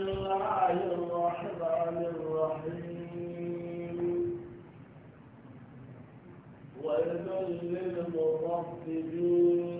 الله الرحمن الرحيم ويذل للمطففين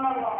subhanallah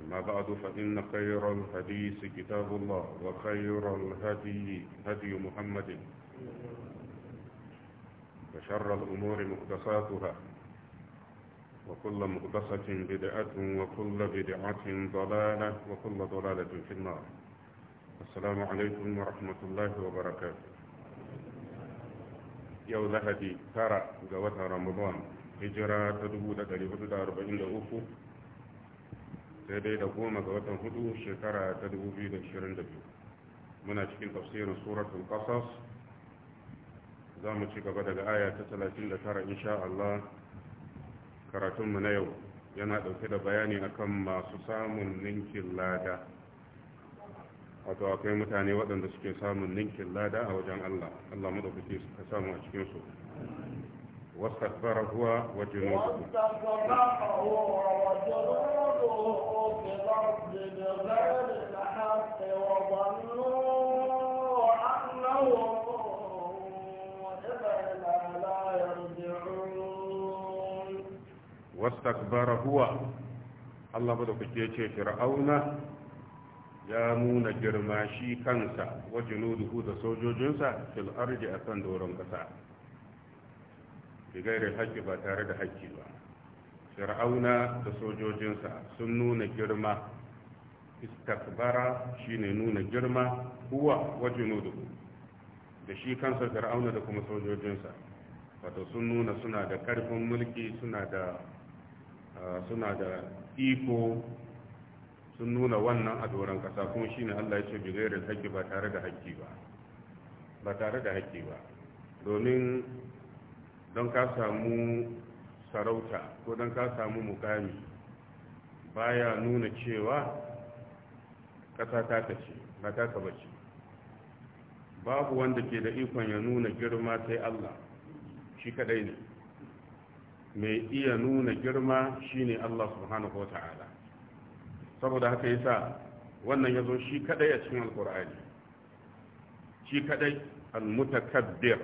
أما بعد فإن خير الحديث كتاب الله وخير الهدي هدي محمد وشر الأمور محدثاتها وكل محدثة بدعة وكل بدعة ضلالة وكل ضلالة في النار السلام عليكم ورحمة الله وبركاته يوم لهدي ترى جوات رمضان هجرة تدبو لدى 43 sai dai da goma ga watan hudu shekara ta 2022 muna cikin tafsirin suratul qasas za mu ci gaba daga aya ta talatin da tara, insha Allah karatunmu na yau yana ɗauke da bayani akan masu samun ninkin lada wato akwai mutane waɗanda suke samun ninkin lada a wajen Allah Allah mu da samu a cikinsu واستكبر هو وجنوده في الأرض بغير الحق وظنوا أنهم إلينا لا يرجعون واستكبر هو الله بدك تيجي فرعون ya nuna girma shi kansa wa junuduhu da sojojinsa fil ardi akan doron kasa bi gairin haƙƙi ba tare da haƙƙi ba fir'auna da sojojinsa sun nuna girma istakbara shine nuna girma kuwa wajen nudu. da shi kansa fir'auna da kuma sojojinsa wato sun nuna suna da ƙarfin mulki suna da suna da iko sun nuna wannan a doron ƙasa kuma shine Allah ya ce bi gairin haƙƙi ba tare da haƙƙi ba ba tare da haƙƙi ba domin don ka samu sarauta ko don ka samu mukami baya nuna cewa ƙasa ta ce ba ta ka bace babu wanda ke da ikon ya nuna girma sai Allah shi kadai ne mai iya nuna girma shine Allah subhanahu wa ta'ala saboda haka yasa wannan ya zo shi kadai a cikin alkur'ani shi kadai al-mutakabbir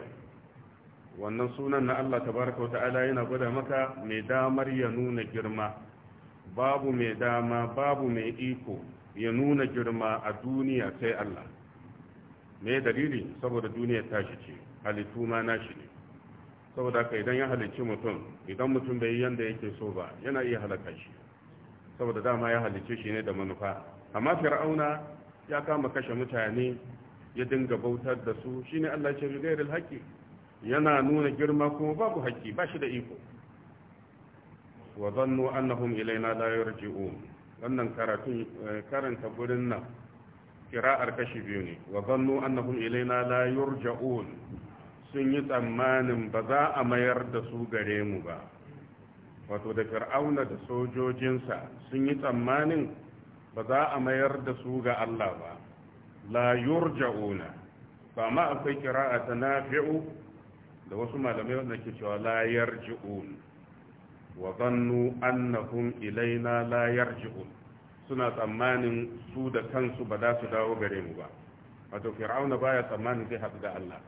wannan sunan na Allah tabaraka wata'ala yana gwada maka mai damar ya nuna girma babu mai dama babu mai iko ya nuna girma a duniya sai Allah me dalili saboda duniya ta shi ce halittu ma na shi ne saboda ka idan ya halicci mutum idan mutum bai yi yanda yake so ba yana iya halaka shi saboda dama ya halicce shi ne da manufa amma fir'auna ya kama kashe mutane ya dinga bautar da su shine Allah ya ce yana nuna girma kuma babu haƙƙi ba shi da iko wa zannu annahum ilaina la yarji'un wannan karatun eh, karanta gurin nan kira'ar kashi biyu ne wa zannu annahum ilaina la yarji'un sun yi tsammanin ba za a mayar da su gare mu ba wato da fir'auna da sojojinsa sun yi tsammanin ba za a mayar da su ga Allah ba la yarji'una ba ma akwai kira'a ta nafi'u da wasu malamai wanda ke cewa la yarji'un wa zannu annahum ilaina layar yarji'un suna tsammanin su da kansu ba za su dawo gare mu ba wato fir'auna baya tsammanin zai haɗu da Allah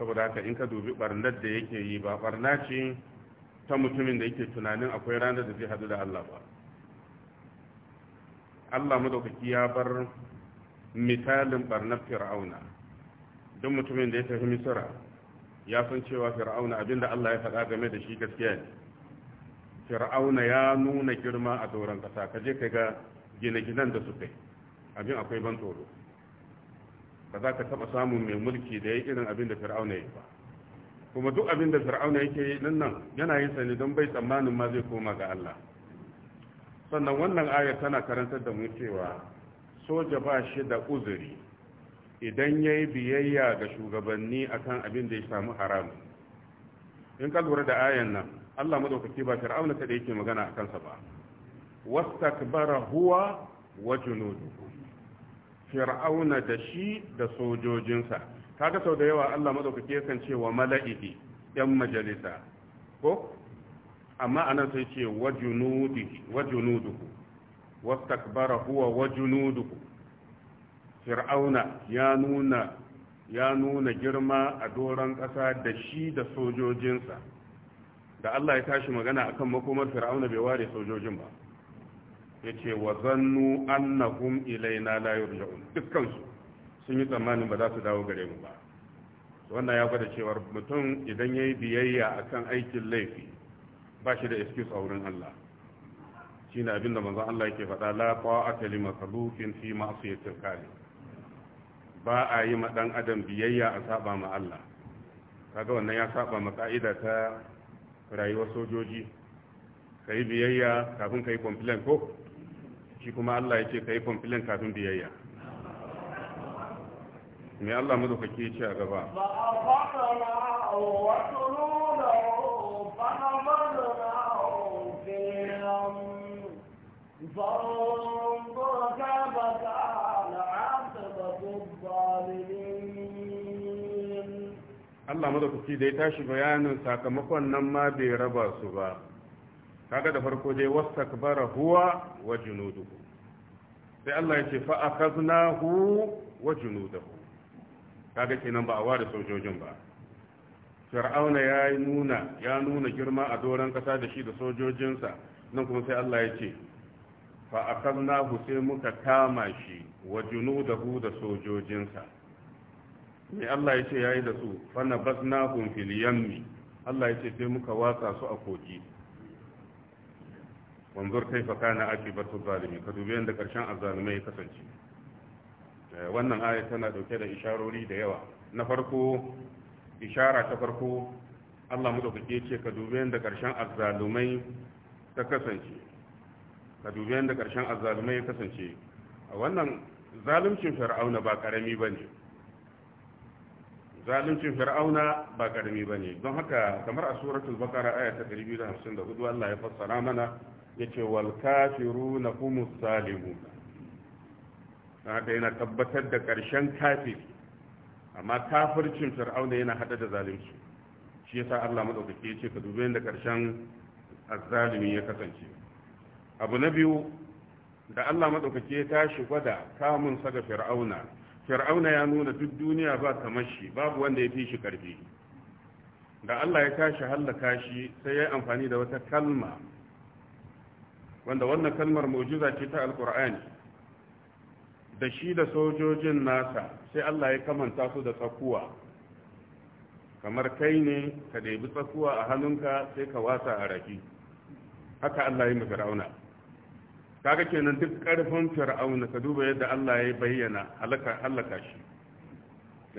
saboda haka in ka dubi barnar da yake yi ba barna ce ta mutumin da yake tunanin akwai ranar da zai hadu da Allah ba Allah madaukaki ya bar misalin barnar fir'auna duk mutumin da ya tafi misira ya san cewa fir'auna abinda Allah ya faɗa game da shi gaskiya ne fir'auna ya nuna girma a doron kasa ka je ka ga gine-ginen da suka yi abin akwai ban tsoro ba za ka taɓa samun mai mulki da ya irin abin fir'auna ya yi ba kuma duk abinda da fir'auna yake yi nan nan yana yin sani don bai tsammanin ma zai koma ga Allah sannan wannan ayar tana karantar da mu cewa soja ba shi da uzuri idan ya yi biyayya ga shugabanni akan abin da ya samu haram in ka lura da ayan nan Allah madaukaki ba fir'auna ta da yake magana a kansa ba wastakbara huwa wa fir'auna da shi da sojojinsa kaga sau da yawa Allah madaukaki yakan ce wa mala'ihi yan majalisa ko amma anan sai ce wa junudu wa junuduhu huwa wa junudu fir'auna ya nuna ya nuna girma a doron ƙasa da shi da sojojinsa da Allah ya tashi magana akan makomar fir'auna bai ware sojojin ba ya ce wa zannu annahum ilaina la yurja'un dukkansu sun yi tsammanin ba za su dawo gare mu ba wannan ya gwada cewa mutum idan yayi biyayya akan aikin laifi ba shi da excuse a wurin Allah shine abinda manzon Allah yake faɗa la ta'ata li fi ma'siyatil kalim ba a yi ma dan adam biyayya a saba ma Allah kaga wannan ya saba ma ka'ida ta rayuwar sojoji kai biyayya kafin kai complain ko shi kuma Allah yake kai complain kafin biyayya me Allah madaukake ke ce a gaba Allah madaukaki da ya tashi bayanin sakamakon nan ma bai raba su ba kaga da farko dai wastakbara huwa wa junuduhu sai Allah ya ce fa akaznahu wa junuduhu kaga kenan ba a ware sojojin ba fir'auna ya nuna ya nuna girma a doron kasa da shi da sojojinsa nan kuma sai Allah ya ce fa akaznahu sai muka kama shi wa junuduhu da sojojinsa ne Allah ya ce yayi da su bas na fil yammi Allah ya ce sai muka watsa su a kogi wanzur kaifa kana akibatu zalimi ka dubi yadda karshen azzalumai ya kasance eh, wannan aya tana dauke da isharori da yawa na farko ishara ta farko Allah mu dauke ce ka dubi yadda karshen azzalumai ta kasance ka dubi yadda karshen azzalumai ya kasance a wannan zaluncin fir'auna ba karami bane zaluncin fir'auna ba karami ba ne don haka kamar a suratul bakara aya ta 254 Allah ya fassara mana ya ce wal kafiruna na kuma salimu haka yana tabbatar da ƙarshen kafir amma kafircin fir'auna yana hada da zalunci shi yasa Allah madaukake ya ka dubi yadda ƙarshen azzalimi ya kasance abu na biyu da Allah madaukake ya tashi gwada kamun sa fir'auna fir'auna ya nuna duk duniya ba kamar shi babu wanda ya fi shi karfi da Allah ya tashi hallaka shi sai ya yi amfani da wata kalma wanda wannan kalmar mu'jiza ce ta alkur'ani da shi da sojojin nasa sai Allah ya kamanta su da tsakuwa kamar kai ne ka ɗebi tsakuwa a hannunka sai ka wasa a raki haka Allah ya yi fir'auna kaga kenan duk karfin fir'auna ka duba yadda Allah ya bayyana halaka halaka shi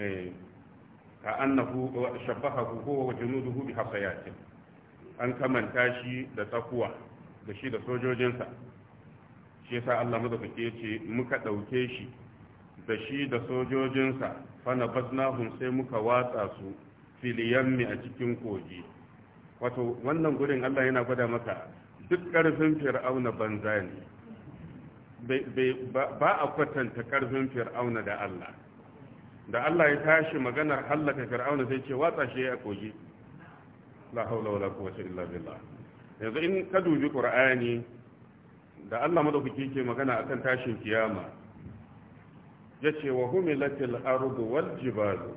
eh ka annahu shabahahu huwa wa junuduhu bi hasayatin an kamanta shi da tsakuwa da shi da sojojinsa shi yasa Allah madaukake yace muka dauke shi da shi da sojojinsa fana basnahum sai muka watsa su yammi a cikin koji wato wannan gurin Allah yana gwada maka duk ƙarfin fir'auna banza ne ba a kwatanta ƙarfin fir'auna da Allah da Allah ya tashi maganar hallaka fir'auna sai ce watsa shi ya kogi la haula wala quwwata illa billah yanzu in ka dubi qur'ani da Allah madaukaki ke magana akan tashin kiyama yace wa humilatil ardu wal jibalu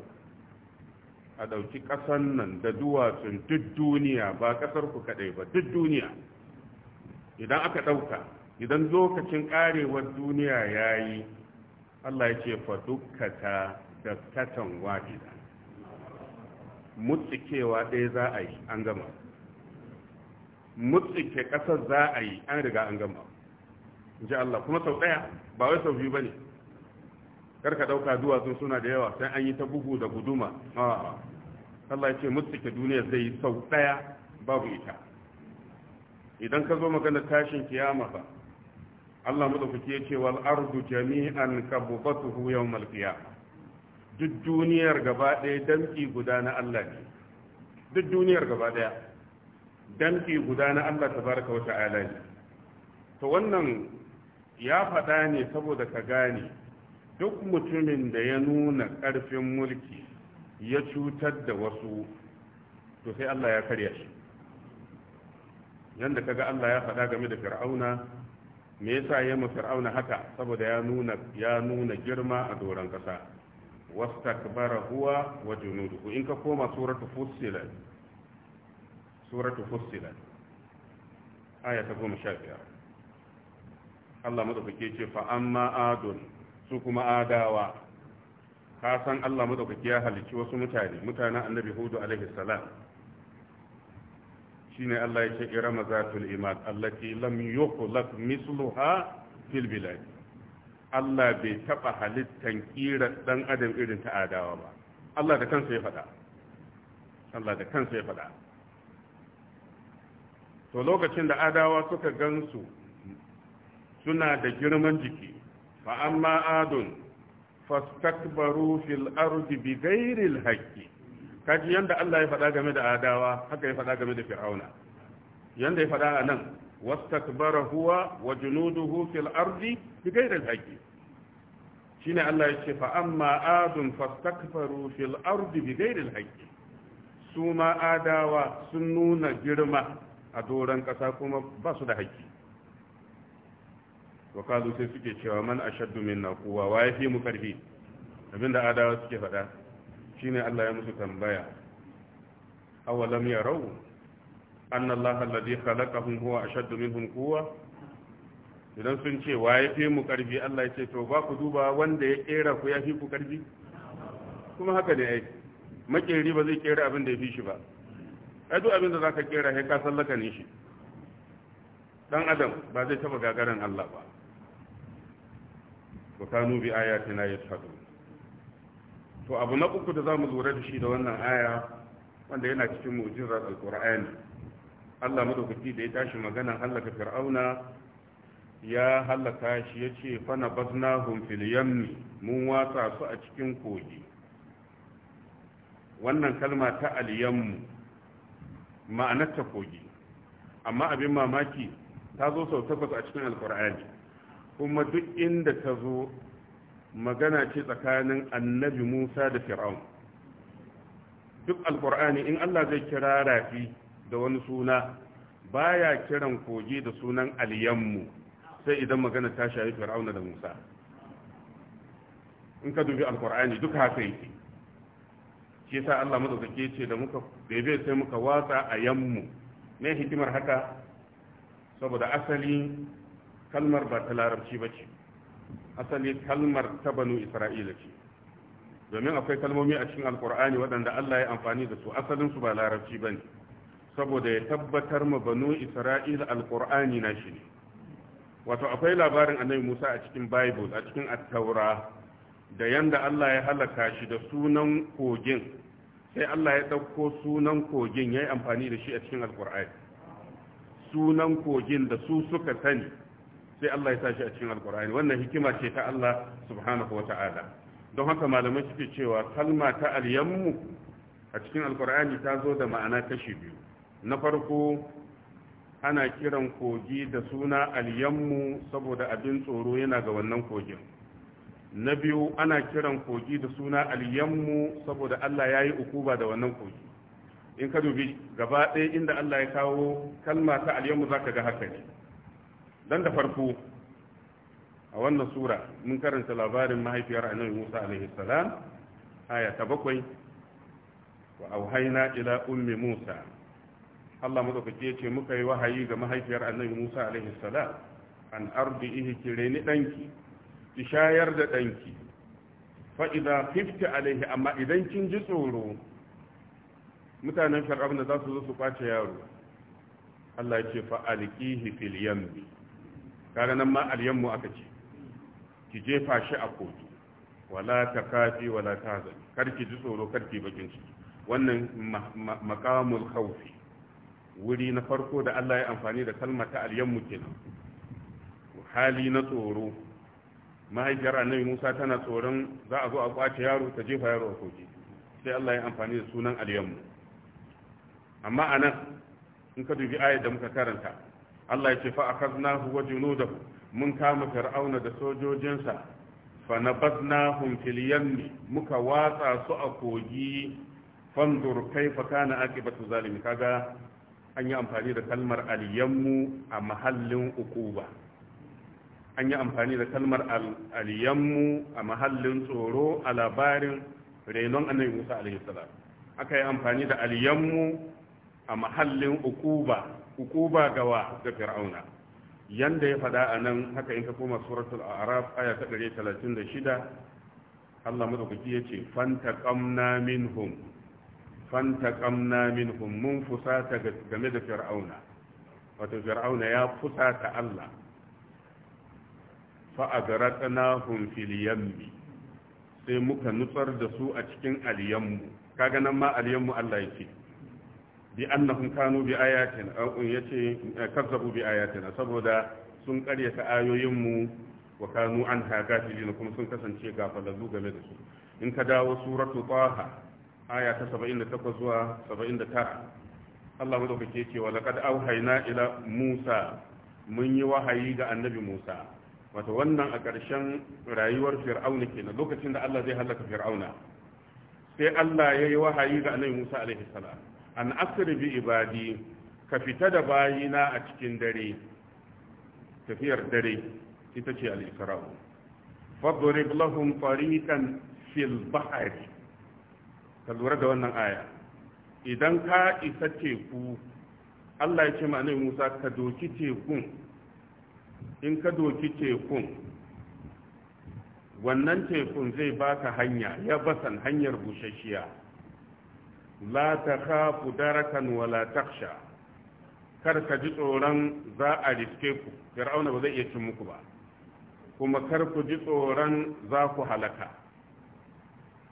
a dauki kasan nan da duwatsun duk duniya ba kasar ku kadai ba duk duniya idan aka dauka idan lokacin karewar duniya ya yi allah ya ce fa dukkata da katan wahida mutsikewa ɗaya za a yi an gama mutsike ƙasar za a yi an riga an gama ji allah kuma sau ɗaya ba wai sau biyu ba ne karka ɗauka duwatsun suna da yawa sai an yi ta bugu da guduma allah ya ce mutsike duniya zai yi sau ɗaya babu ita idan ka zo maganar tashin kiyama ba Allah madaukaki yace wal ardu jami'an kabbatuhu yawmal qiyamah duk duniyar gaba ɗaya danki guda na Allah ne duk duniyar gaba ɗaya danki guda na Allah tabaraka wa ta'ala ne to wannan ya faɗa ne saboda ka gane duk mutumin da ya nuna ƙarfin mulki ya cutar da wasu to sai Allah ya karya shi yanda kaga Allah ya faɗa game da Fir'auna me yasa ya mu fir'auna haka saboda ya nuna ya nuna girma a doron kasa wastakbara huwa wa junuduhu in ka koma suratu fussilat suratu fussilat aya ta goma sha biyar Allah madaukake ce fa amma adun su kuma adawa ka san Allah madaukake ya halicci wasu mutane mutanen annabi hudu alaihi salam shine Allah ya ce irama zatul imad allati lam yukhlaq misluha fil bilad Allah bai taba halittan kira dan adam irin ta adawa ba Allah da kansa ya faɗa Allah da kansa ya faɗa to lokacin da adawa suka gansu suna da girman jiki fa amma adun fastakbaru fil ardi bighairi al haqqi kaji yanda Allah ya faɗa game da adawa haka ya faɗa game da fir'auna yanda ya faɗa a nan wastakbara huwa wa junuduhu fil ardi bi ghayri al haqqi shine Allah ya ce fa amma adun fastakbaru fil ardi bi ghayri al haqqi su ma adawa sun nuna girma a doron ƙasa kuma ba su da haƙƙi wa kazu sai suke cewa man ashaddu minna quwwa wa yafi mu karfi abinda adawa suke faɗa shine Allah ya musu tambaya awalam yarau anna Allah alladhi khalaqahum huwa ashaddu minhum quwwa idan sun ce wa ya fi mu karfi Allah ya ce to ba ku duba wanda ya kera ku ya fi ku karfi kuma haka ne ai makeri ba zai kera abin da ya fi shi ba ai duk abin da zaka kera sai ka sallaka ne shi dan adam ba zai taba gagarin Allah ba wa kanu bi ayatina yashhadun to abu na uku da za mu lura da shi da wannan aya wanda yana cikin mujizar alkur'ani allah madaukaki da ya tashi magana hallaka fir'auna ya hallaka shi ya ce fana baznahum fil yammi mun watsa su a cikin kogi wannan kalma ta alyammu ma'anarta kogi amma abin mamaki ta zo sau takwas a cikin alkur'ani kuma duk inda ta zo magana ce tsakanin annabi musa da fir'aun duk alkur'ani in allah zai kira rafi da wani suna baya kiran kogi da sunan aliyammu sai idan magana ta shayi fir'aun da musa in ka dubi alkur'ani duk haka yake shi yasa allah madaukake ce da muka bebe sai muka watsa a yammu me hikimar haka saboda asali kalmar ba ta larabci ba ce asali kalmar ta banu isra'ila ce domin akwai kalmomi a cikin alkur'ani waɗanda allah ya amfani da su asalinsu ba larabci ba ne saboda ya tabbatar ma banu isra'ila alkur'ani na shi ne wato akwai labarin annabi musa a cikin bible a cikin attaura da yanda allah ya halaka shi da sunan kogin sai allah ya ɗauko sunan kogin ya yi amfani da shi a cikin alkur'ani sunan kogin da su suka sani sai Allah ya tashi a cikin alkur'ani wannan hikima ce ta Allah subhanahu wa ta'ala don haka malamai suke cewa kalma ta alyammu a cikin alkur'ani ta zo da ma'ana kashi biyu na farko ana kiran kogi da suna alyammu saboda abin tsoro yana ga wannan kogin na biyu ana kiran kogi da suna alyammu saboda Allah ya yi ukuba da wannan kogi in ka dubi gaba ɗaya inda Allah ya kawo kalma ta alyammu za ka ga haka ne dan da farko a wannan sura mun karanta labarin mahaifiyar annabi musa alaihi salam aya ta bakwai wa auhayna ila ummi musa Allah madaukake ya ce muka yi wahayi ga mahaifiyar annabi musa alaihi salam an ardi ihi kireni danki ki shayar da danki fa idza khifti alaihi amma idan kin ji tsoro mutanen da za su zo su kwace yaro Allah ya ce fa alqihi fil yambi kaga nan ma alyanmu aka ce ki jefa shi a kotu wala ta kafi wala ta zani karki ji tsoro karki bakin ciki wannan makamul khawfi wuri na farko da Allah ya amfani da kalma ta alyanmu kenan hali na tsoro mahaifiyar annabi Musa tana tsoron za a zo a kwace yaro ta jefa yaro a kogi sai Allah ya amfani da sunan alyanmu amma anan in ka dubi ayar da muka karanta Allah ya ce fa akhadnahu wa junudahu mun kama fir'auna da sojojinsa fa nabadnahum fil yammi muka watsa su a kogi fanzur kaifa kana aqibatu zalimi kaga an yi amfani da kalmar al yammu a mahallin ukuba. an yi amfani da kalmar al yammu a mahallin tsoro a labarin renon annabi Musa alaihi salam aka yi amfani da al yammu a mahallin ukuba. hukuba gawa ga fir'auna yanda ya faɗa a nan haka in ka koma suratul araf aya ta 136 Allah madaukaki ya ce fantaqamna minhum fantaqamna minhum mun fusata game da fir'auna wato fir'auna ya fusata Allah fa agratnahum fil yammi sai muka nutsar da su a cikin aliyammu kaga nan ma aliyammu Allah ya ce bi annahum kanu bi ayatin aw yace eh, kazzabu bi ayatina saboda sun karyata ayoyin mu wa kanu an anha ne kuma sun kasance gafalallu game da su in ka dawo suratu taha aya ta 78 zuwa 79 Allah madaukake yake wa laqad auhayna ila Musa mun yi wahayi ga annabi Musa wato wannan a ƙarshen rayuwar fir'auna kenan lokacin da Allah zai halaka fir'auna sai Allah ya yi wahayi ga annabi Musa alaihi salam an asri ibadi ka fita da bayina a cikin dare tafiyar dare ita ce al-isra'u fadrib lahum tariqan fil bahari ka lura da wannan aya idan ka isa teku Allah ya ce ma Musa ka doki tekun in ka doki tekun wannan tekun zai baka hanya ya basan hanyar bushashiya la ta darakan wala taksha kar ka ji tsoron za a riske ku fir'auna ba zai iya cin muku ba kuma kar ku ji tsoron za ku halaka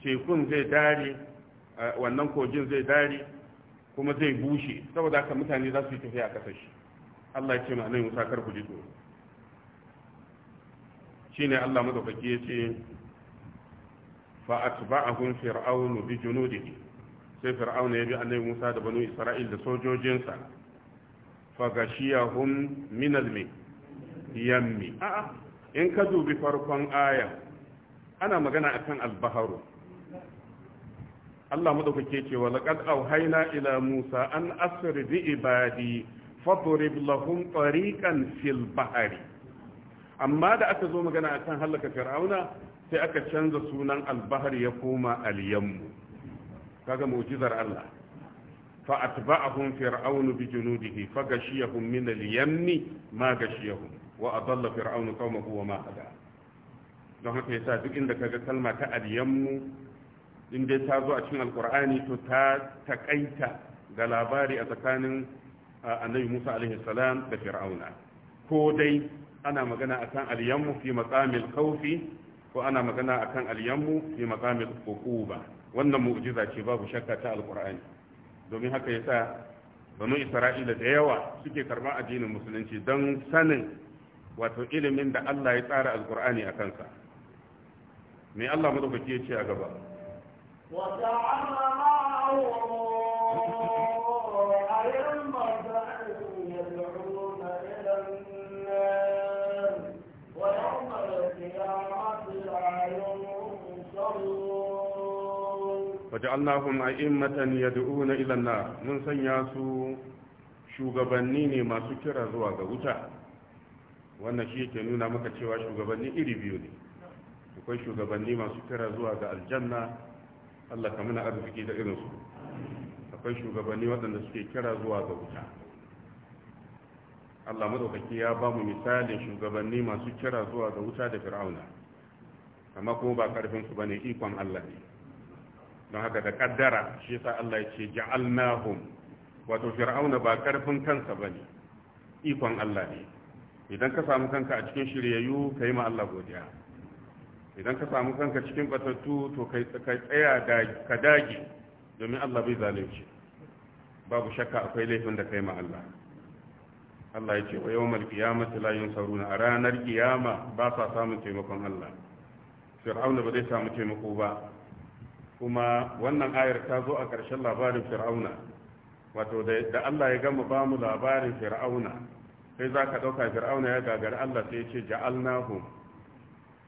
tekun zai dare wannan kogin zai dare kuma zai bushe saboda haka mutane za su yi tafiya a kasar shi Allah ya ce ma nan musa kar ku ji tsoro shine Allah madaukaki ya ce fa atba'ahum fir'aunu bi junudihi sai fir'auna ya bi annabi musa da banu isra'il da sojojinsa fagashiyahum min almi yammi a'a in ka dubi farkon aya ana magana akan albaharu Allah madaukake ce wa laqad auhayna ila musa an asri bi ibadi fadrib lahum tariqan fil bahri amma da aka zo magana akan halaka fir'auna sai aka canza sunan albahar ya koma alyammu kaga mu'jizar Allah fa atba'ahum fir'aunu bi junudihi fa gashiyahum min al-yammi ma gashiyahum wa adalla fir'aunu qaumahu wa ma hada don haka yasa duk inda kaga kalma ta al-yammu in dai ta zo a cikin alqur'ani to ta takaita ga labari a tsakanin annabi Musa alaihi salam da fir'auna ko dai ana magana akan al-yammu fi maqamil khawfi ko ana magana akan al-yammu fi maqamil uquba wannan mu'jiza ce babu shakka ta alkur'ani domin haka yasa banu isra'ila da yawa suke karba addinin musulunci don sanin wato ilimin da Allah ya tsara alkur'ani a kansa me Allah madaukaki ya ce a gaba wa ta'ala ma'ahu waja'alnahum a'immatan yad'una ila an-nar mun sanya su shugabanni ne masu kira zuwa ga wuta wannan shi yake nuna maka cewa shugabanni iri biyu ne akwai shugabanni masu kira zuwa ga aljanna Allah ka muna arziki da irin su akwai shugabanni waɗanda suke kira zuwa ga wuta Allah madaukaki ya ba mu misalin shugabanni masu kira zuwa ga wuta da fir'auna amma kuma ba karfin su bane ikon Allah ne don haka da kaddara shi yasa Allah ya ce ja'alnahum wato fir'auna ba karfin kansa bane ikon Allah ne idan ka samu kanka a cikin shiryayyu kai ma Allah godiya idan ka samu kanka cikin batattu to kai tsaya da ka dage domin Allah bai zalunci babu shakka akwai laifin da kai ma Allah Allah ya ce wa yawmal qiyamati la yunsaruna a ranar kiyama ba sa samun taimakon Allah fir'auna ba zai samu taimako ba kuma wannan ayar ta zo a ƙarshen labarin fir'auna wato da Allah ya gama ba mu labarin fir'auna sai za ka ɗauka fir'auna ya gagari Allah sai ce ja'alnahum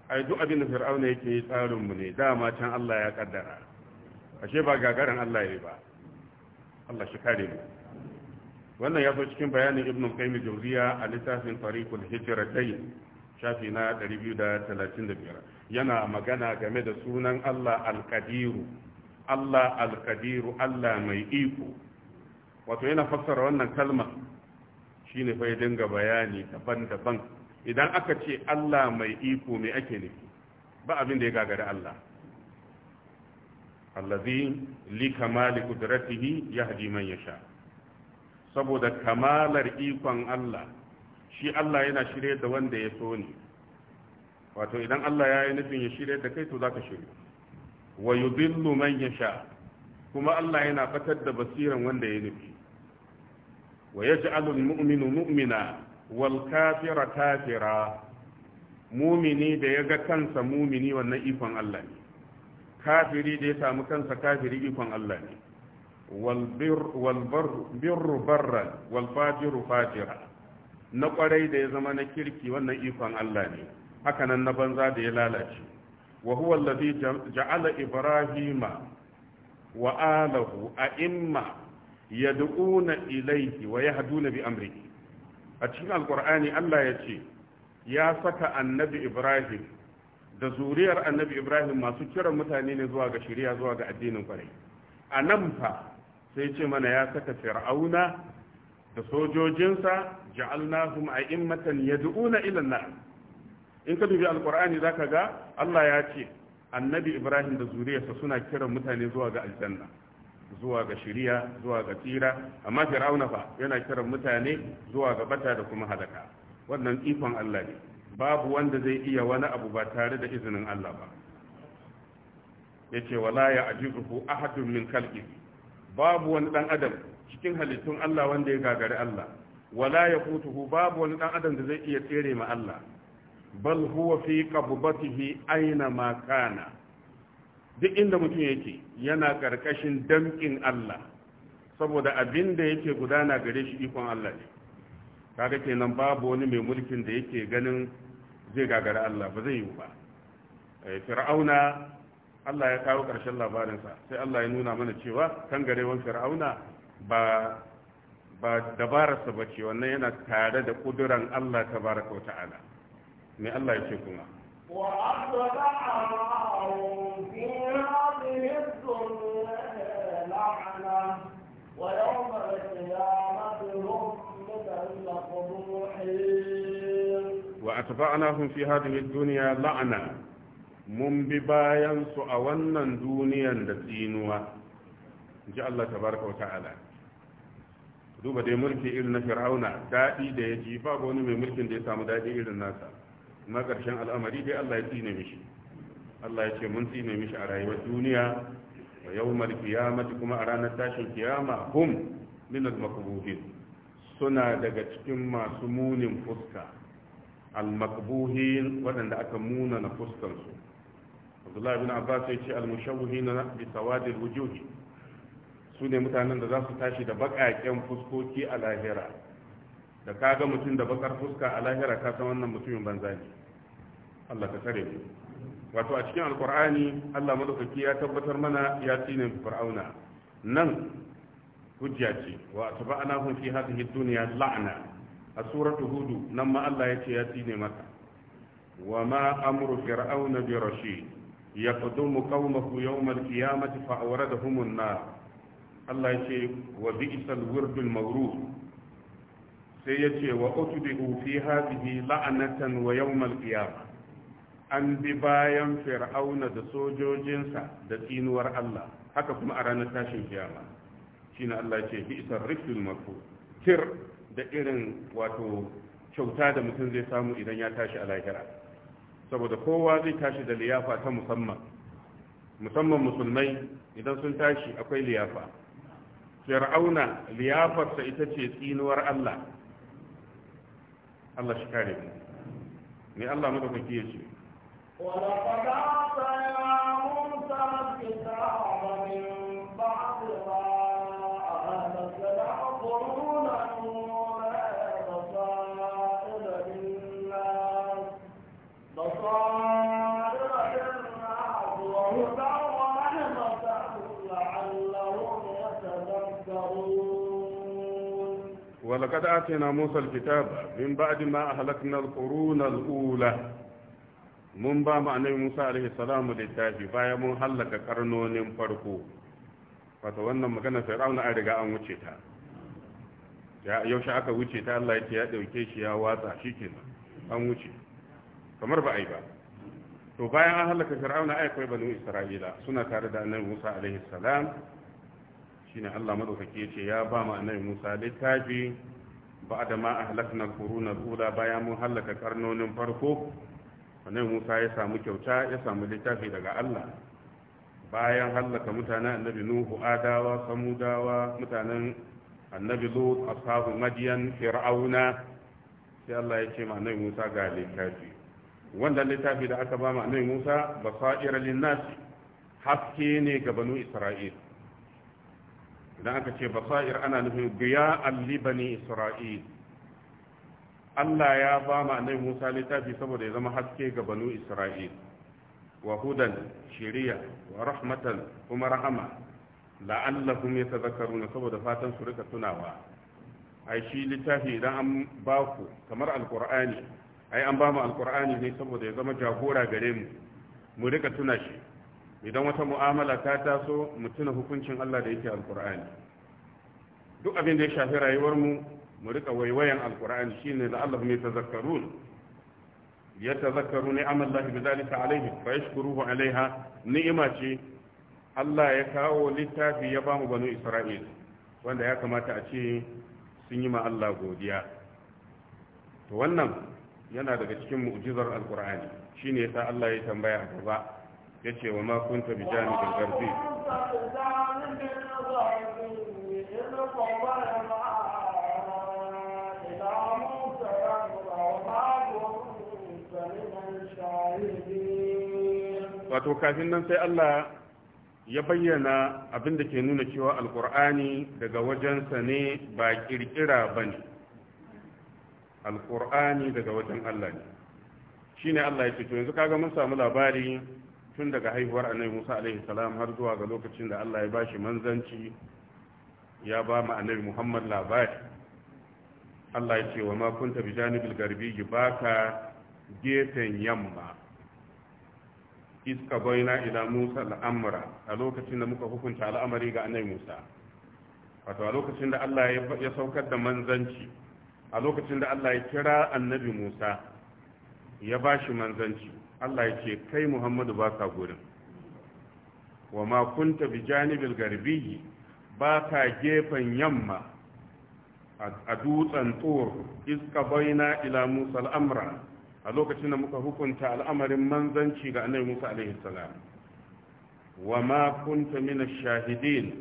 ai duk abin da fir'auna yake yi tsarinmu ne dama can Allah ya kaddara ashe ba gagarin Allah ya ba Allah shi kare mu wannan ya zo cikin bayanin ibn qayyim jawziya a littafin tariqul hijratayn shafi na biyar. yana magana game da sunan Allah al alkadiru Allah al alkadiru Allah mai iko wato yana fassara wannan kalma shine fa ya dinga bayani daban-daban idan aka ce Allah mai iko me ake nufi ba abin da ya gagari Allah allazi li kamali qudratihi yahdi man yasha saboda kamalar ikon Allah shi Allah yana shirye da wanda ya so ne wato idan Allah ya yi nufin ya shirya da kai to zaka shirya wa yudillu man yasha kuma Allah yana fatar da basiran wanda ya nufi wa yaj'alul mu'minu mu'mina wal kafira kafira mumini da ya ga kansa mumini wannan ikon Allah ne kafiri da ya samu kansa kafiri ikon Allah ne walbirru barra fajiru fajira na kwarai da ya zama na kirki wannan ikon Allah ne haka nan na banza da ya lalace wa huwa allazi ja'ala ibrahima wa alahu ya yad'una ilayhi wa yahduna bi amrihi a cikin alqur'ani Allah ya ce ya saka annabi ibrahim da zuriyar annabi ibrahim masu kiran mutane ne zuwa ga shari'a zuwa ga addinin kwarai a nan fa sai ce mana ya saka fir'auna da sojojinsa ja'alnahum a'immatan yad'una ila an-nar in ka dubi alkur'ani zaka ga Allah ya ce annabi Ibrahim da zuriyarsa suna kiran mutane zuwa ga aljanna zuwa ga shiriya zuwa ga tsira amma fir'auna fa yana kiran mutane zuwa ga bata da kuma halaka wannan ikon Allah ne babu wanda zai iya wani abu ba tare da izinin Allah ba yace wala ya ajizuhu ahadun min khalqi babu wani dan adam cikin halittun Allah wanda ya gagari Allah wala ya hutuhu babu wani dan adam da zai iya tsere ma Allah bal huwa fi qabbatihi aina ma kana duk inda mutum yake yana karkashin damkin Allah saboda abin da yake gudana gare shi ikon Allah ne kaga kenan babu wani mai mulkin da yake ganin zai gagara Allah ba zai yi ba eh, fir'auna Allah ya kawo ƙarshen labarinsa sai Allah ya nuna mana cewa kan wani fir'auna ba ba dabararsa ba ce wannan yana tare da ƙuduran Allah tabaraka wa ta'ala me Allah ya ce kuma ويوم القيامة هم وأتبعناهم في هذه الدنيا لعنة من ببايان سؤالنا دنيا دتينوا جاء الله تبارك وتعالى duba dai mulki irin na fir'auna daɗi da ya ji babu wani mai mulkin da ya samu daɗi irin nasa amma ƙarshen al'amari dai Allah ya tsine mishi Allah ya ce mun tsine mishi a rayuwar duniya wa yawmal qiyamati kuma a ranar tashin kiyama hum min al suna daga cikin masu munin fuska al-makbuhin waɗanda aka muna na fuskar su Abdullah ibn Abbas ya ce al na bi sawadil wujuh su ne mutanen da za su tashi da baƙaƙen fuskoki a lahira da kaga mutum da bakar fuska a lahira ka san wannan mutumin banza ne Allah ka tsare mu wato a cikin alkur'ani Allah madaukaki ya tabbatar mana ya tsine fir'auna nan hujja ce wa atba'nahum fi hadhihi dunya la'na a suratu hudu nan ma Allah ya ce ya tsine masa wa ma amru fir'auna bi rashid yaqdumu qaumahu yawm al-qiyamati fa awradahum an-nar Allah ya ce wa bi'sal wirdul mawrud sai ya ce wa utbi'u fi hadhihi la'natan wa yawm al an bi bayan fir'auna da sojojinsa da tsinuwar Allah haka kuma a ranar tashin kiyama shine Allah ce bi isar rifdul mafu tir da irin wato kyauta da mutum zai samu idan ya tashi a lahira saboda kowa zai tashi da liyafa ta musamman musamman musulmai idan sun tashi akwai liyafa fir'auna liyafarsa ita ce tsinuwar Allah Allah shi kare mu me Allah madaukaki ya ce ولقد أعطينا موسى الكتاب من بعد ما أهلكنا قرونا بصائر للناس بصائر للناس وهدى ورحمة لعلهم يتذكرون ولقد آتينا موسى الكتاب من بعد ما أهلكنا القرون الأولى mun ba mu annabi Musa alaihi salamu littafi bayan mun hallaka karnonin farko wato wannan magana rauna an riga an wuce ta ya yaushe aka wuce ta Allah ya ya dauke shi ya watsa shikenan an wuce kamar ba ai ba to bayan an halaka Fir'auna ai kai banu Isra'ila suna tare da annabi Musa alaihi salam shine Allah madaukake yace ya ba mu annabi Musa littafi da ma ahlakna al-quruna al-ula bayan mun halaka karnonin farko annabi musa ya samu kyauta ya samu littafi daga allah bayan hallaka mutanen annabi nuhu adawa samudawa mutanen annabi lut ashabu madiyan fir'auna sai allah ya ce ma annabi musa ga littafi wanda littafi da aka ba ma annabi musa basaira linnasi haske ne ga banu isra'il idan aka ce basair ana nufin biya alli bani isra'il Allah ya ba ma annabi Musa littafi saboda ya zama haske ga banu Isra'il wa hudan shiriya wa rahmatan kuma rahama zakaru yatadhakkaruna saboda fatan su rika tunawa ai shi littafi idan an ba ku kamar alqur'ani ai an ba mu alqur'ani ne saboda ya zama jagora gare mu mu rika tuna shi idan wata mu'amala ta taso mu tuna hukuncin Allah da yake alqur'ani duk abin da ya shafi rayuwarmu. mu rika waiwayan alkur'ani shine la'allahum yatazakkarun yatazakkarun ni'ama Allah bidalika fa yashkuruhu alaiha ni'ima ce Allah ya kawo littafi ya bamu banu Isra'il wanda ya kamata a ce sun yi ma Allah godiya to wannan yana daga cikin mu'jizar alkur'ani shine yasa Allah ya tambaya a gaba yace wa ma kunta bijani garbi wato kafin nan sai Allah ya bayyana abin da ke nuna cewa alkur'ani daga wajensa ne ba kirkira ba ne alkur'ani daga wajen Allah ne shi ne Allah ya ce yanzu kaga mun samu labari tun daga haihuwar annabi Musa alaihi salam har zuwa ga lokacin da Allah ya ba shi manzanci ya ba mu annabi Muhammad labari Allah ya ce wa ma kunta janibil garbi baka gefen yamma iska baina ila musa al'amura a lokacin da muka hukunta al'amari ga annai musa wato a lokacin da allah ya saukar da manzanci a lokacin da allah ya kira annabi musa ya ba shi manzanci allah ya ce kai muhammadu ba ka gurin wa ma kunta bi janibil garbiyi ba ka gefen yamma a dutsen tsor iska baina ila musa al'amura a lokacin da muka hukunta al'amarin manzanci ga annabi Musa alaihi salam wa ma kunta min ash-shahidin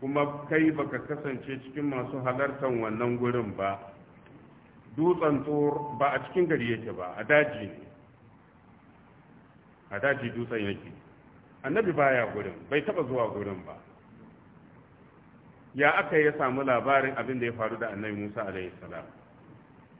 kuma kai baka kasance cikin masu halartar wannan gurin ba dutsen tsor ba a cikin gari yake ba a daji a daji dutsen yake annabi baya gurin bai taba zuwa gurin ba ya aka ya samu labarin abin da ya faru da annabi Musa alaihi salam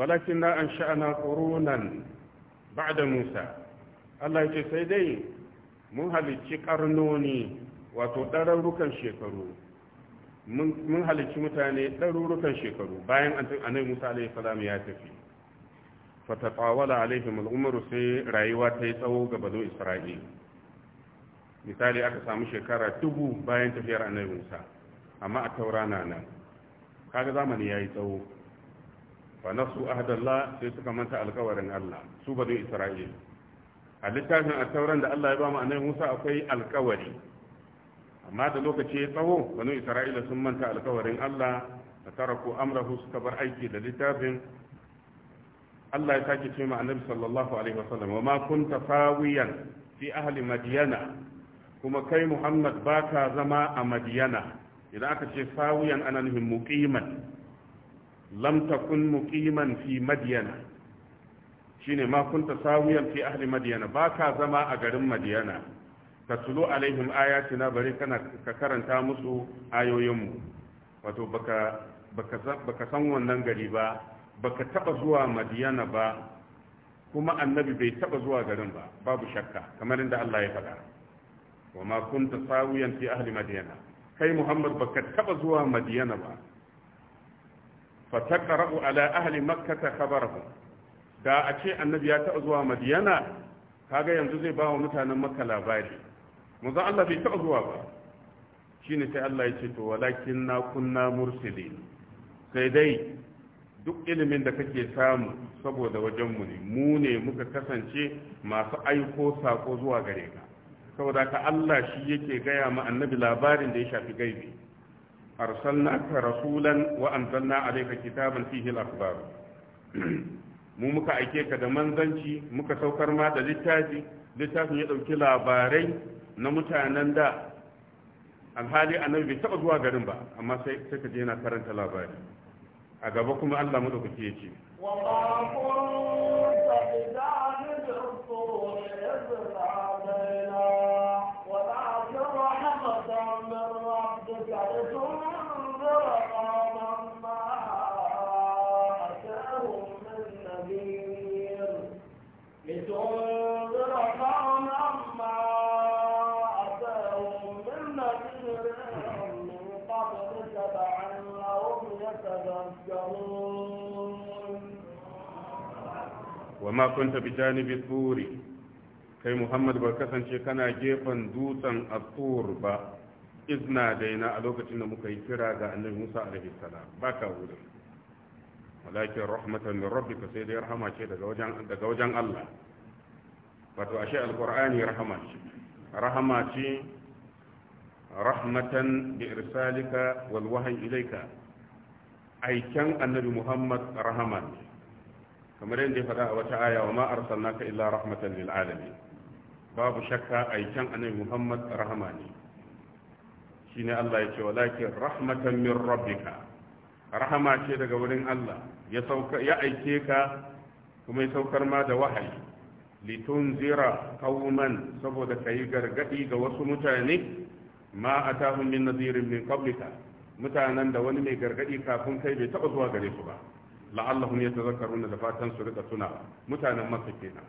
walakin na an sha'ana ƙurunan ba da musa allah ce sai dai mun halicci ƙarnoni wato ɗararrukan shekaru mun halicci mutane ɗarurrukan shekaru bayan annabi musa alaihi salam ya tafi fatatawala alaihim al'umaru sai rayuwa ta yi tsawo ga bazo isra'il misali aka samu shekara dubu bayan tafiyar annabi musa amma a taura na nan kaga zamani ya yi tsawo fa nasu ahdallah sai suka manta alkawarin Allah su Bani Isra'il a littafin at-tauran da Allah ya ba mu annabi Musa akwai alkawari amma da lokaci ya tsawo Bani Isra'ila sun manta alkawarin Allah ko taraku amrahu suka bar aiki da littafin Allah ya sake ce ma annabi sallallahu alaihi wasallam wa ma kunta fawiyan fi ahli madyana kuma kai Muhammad ba ka zama a Madiyana idan aka ce fawiyan ana nufin muqiman lam takun muqiman fi madyana shine ma kunta sawiyan fi ahli madyana ka zama a garin madyana tatlu alaihim ayatina bare kana ka karanta musu ayoyinmu wato baka baka san wannan gari ba baka taba zuwa madyana ba kuma annabi bai taba zuwa garin ba babu shakka kamar inda Allah ya faɗa wa ma kunta sawiyan fi ahli madyana kai Muhammad baka taba zuwa madyana ba fataqra'u ala ahli makkata, khabarahu da a ce annabi ya taɓa zuwa madiyana kaga yanzu zai ba wa mutanen makka labari manzo Allah bai taɓa zuwa ba shine sai Allah ya ce to walakin na kunna mursilin sai dai duk ilimin da kake samu saboda wajenmu ne mu ne muka kasance masu aiko sako zuwa gare ka saboda ka Allah shi yake gaya ma annabi labarin da ya shafi gaibi arsalnaka rasulan wa anzalna alayka kitaban fihi al-akhbar mu muka aike ka da manzanci muka saukar ma da littafi littafin ya dauki labarai na mutanen da alhali annabi bai taba zuwa garin ba amma sai sai ka je yana karanta labari a gaba kuma Allah madaukaki yake wa ma kunta bi wa ma kunta bi janibi turi kai muhammad ba kasance kana gefen dutsen atur ba izna daina a lokacin da muka yi kira ga annabi musa alaihi salam ba ka walakin rahmatan min rabbika sai dai rahama ce daga wajen daga wajen Allah wato ashe alqur'ani rahama ce rahama ce rahmatan bi irsalika wal wahyi ilayka aikan annabi muhammad rahama ne kamar yadda ya faɗa a wata aya wa ma arsalnaka illa rahmatan lil babu shakka a can annabi muhammad rahama ne shine Allah ya ce walakin rahmatan min rabbika rahama ce daga wurin Allah ya aike ka kuma ya saukar ma da wahayi litunzira kawuman saboda yi gargadi ga wasu mutane ma atahum min nadirin min qablika mutanen da wani mai gargadi kafin kai bai taɓa zuwa gare su ba la'allahum yatazakkaruna da fatan su rika tuna mutanen masa kenan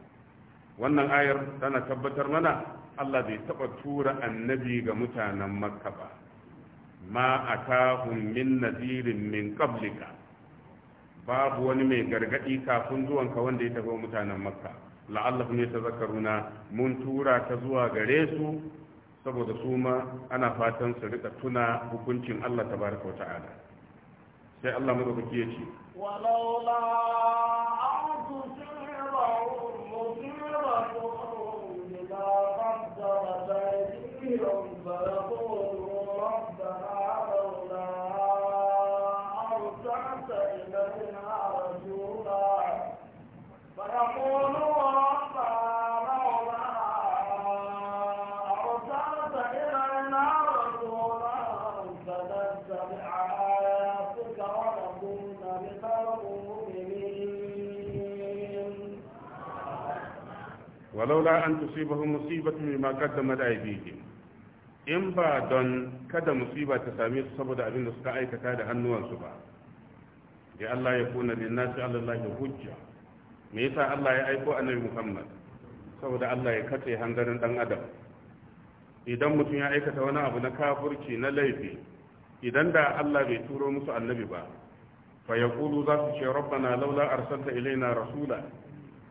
wannan ayar tana tabbatar mana Allah bai taba tura annabi ga mutanen makka ba ma atahum min nadirin min qablika babu wani mai gargadi kafin zuwanka wanda ya tafi mutanen makka la'allahum yatazakkaruna mun tura ta zuwa gare su saboda su ma ana fatan su rika tuna hukuncin Allah tabaraka wa ta'ala sai Allah madaukaki ya ce ولولا أن تصيبهم مصيبة بما قدمت أيديهم فيقولوا ربنا لولا أرسلت إلينا رسولا فيقولوا walaula an tusibahum musibatu mimma qaddamat aydihim in ba don kada musiba ta same su saboda abin da suka aikata da hannuwansu ba da Allah ya kuna lin nasi hujja me yasa Allah ya aiko annabi Muhammad saboda Allah ya kace hangarin dan adam idan mutum ya aikata wani abu na kafurci na laifi idan da Allah bai turo musu annabi ba fa yaqulu za su ce rabbana laula arsalta ilaina rasula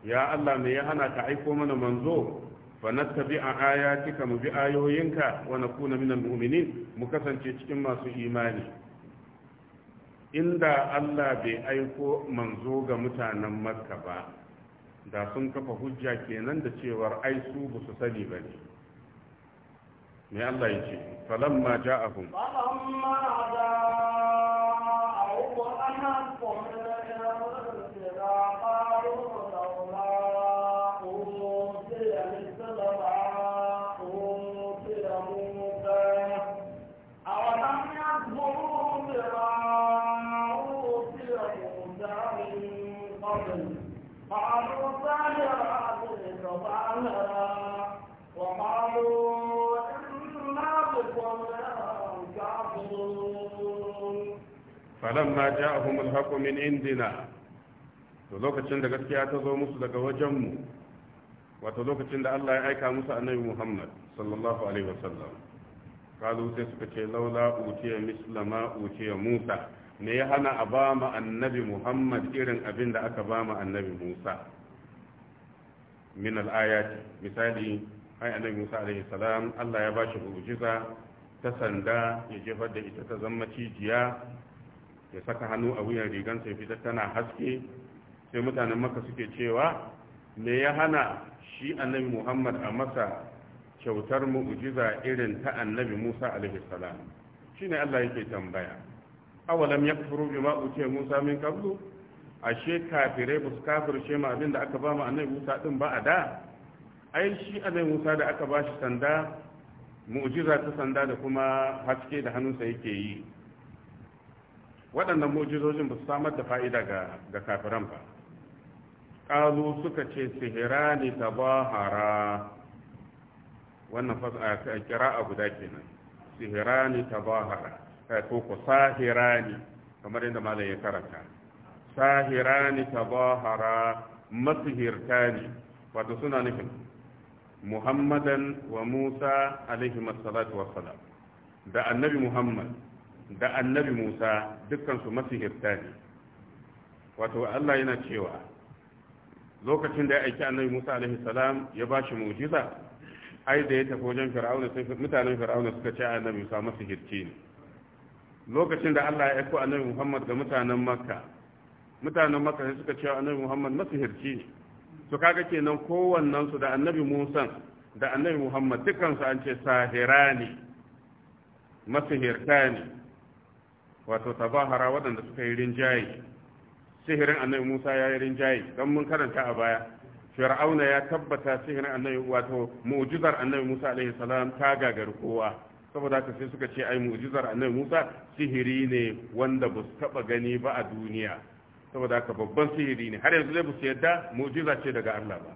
ya Allah me ya hana ka aiko mana manzo fa nattabi a ayatika mu bi ayoyinka wa nakuna minal mu'minin mu kasance cikin masu imani inda Allah bai aiko manzo ga mutanen Makka ba da sun kafa hujja kenan da cewar ai su ba su sani ba ne me Allah ya ce falamma ja'ahum falamma ja'ahum قبل قالوا ja a وقالوا إنا بكم كافرون فلما جاءهم الحق من عندنا to lokacin da gaskiya ta zo musu daga wajenmu wato lokacin da Allah ya aika musu annabi Muhammad sallallahu alaihi wasallam kalu sai suka ce laula utiya mislama utiya Musa me ya hana a ba mu annabi muhammad irin abin da aka ba mu annabi musa min al'ayati misali ai annabi musa alaihi salam allah ya ba shi mu'jiza ta sanda ya jefar da ita ta zama cijiya ya saka hannu a wuyan rigansa ya fitar tana haske sai mutanen maka suke cewa me ya hana shi annabi muhammad a masa kyautar mu'jiza irin ta annabi musa alaihi salam shine allah yake tambaya awalam yakfuru bima utiya Musa min qablu ashe kafirai ba su kafirce ma abin da aka ba mu annabi Musa din ba a da ai shi annabi Musa da aka ba shi sanda mu'jiza ta sanda da kuma haske da hannunsa yake yi waɗannan mu'jizojin ba su samar da fa'ida ga ga kafiran ba qalu suka ce sihirani tabahara wannan fasa ta kira guda kenan sihirani tabahara ko ku sahirani kamar yadda malam ya karanta sahirani tabahara masihirtani wato suna nufin muhammadan wa musa alaihi salatu salam da annabi muhammad da annabi musa dukkansu masihirtani wato allah yana cewa lokacin da ya aiki annabi musa alaihi salam ya ba shi mujiza ai da ya tafi wajen fir'auna sai mutanen fir'auna suka ce annabi musa masihirci ne lokacin da Allah ya aiko annabi Muhammad ga mutanen Makka mutanen Makka sai suka cewa annabi Muhammad masihirci ne to kaga kenan wannan su da annabi Musa da annabi Muhammad dukkan su an ce sahirani masihirta ne wato tabahara waɗanda suka yi rinjaye sihirin annabi Musa ya yi rinjaye don mun karanta a baya Fir'auna ya tabbata sihirin annabi wato mu'jizar annabi Musa alaihi salam ta gagari kowa saboda haka sai suka ce ai mu'jizar annabi Musa sihiri ne wanda ba su taba gani ba a duniya saboda haka babban sihiri ne har yanzu zai ba su yadda mu'jiza ce daga Allah ba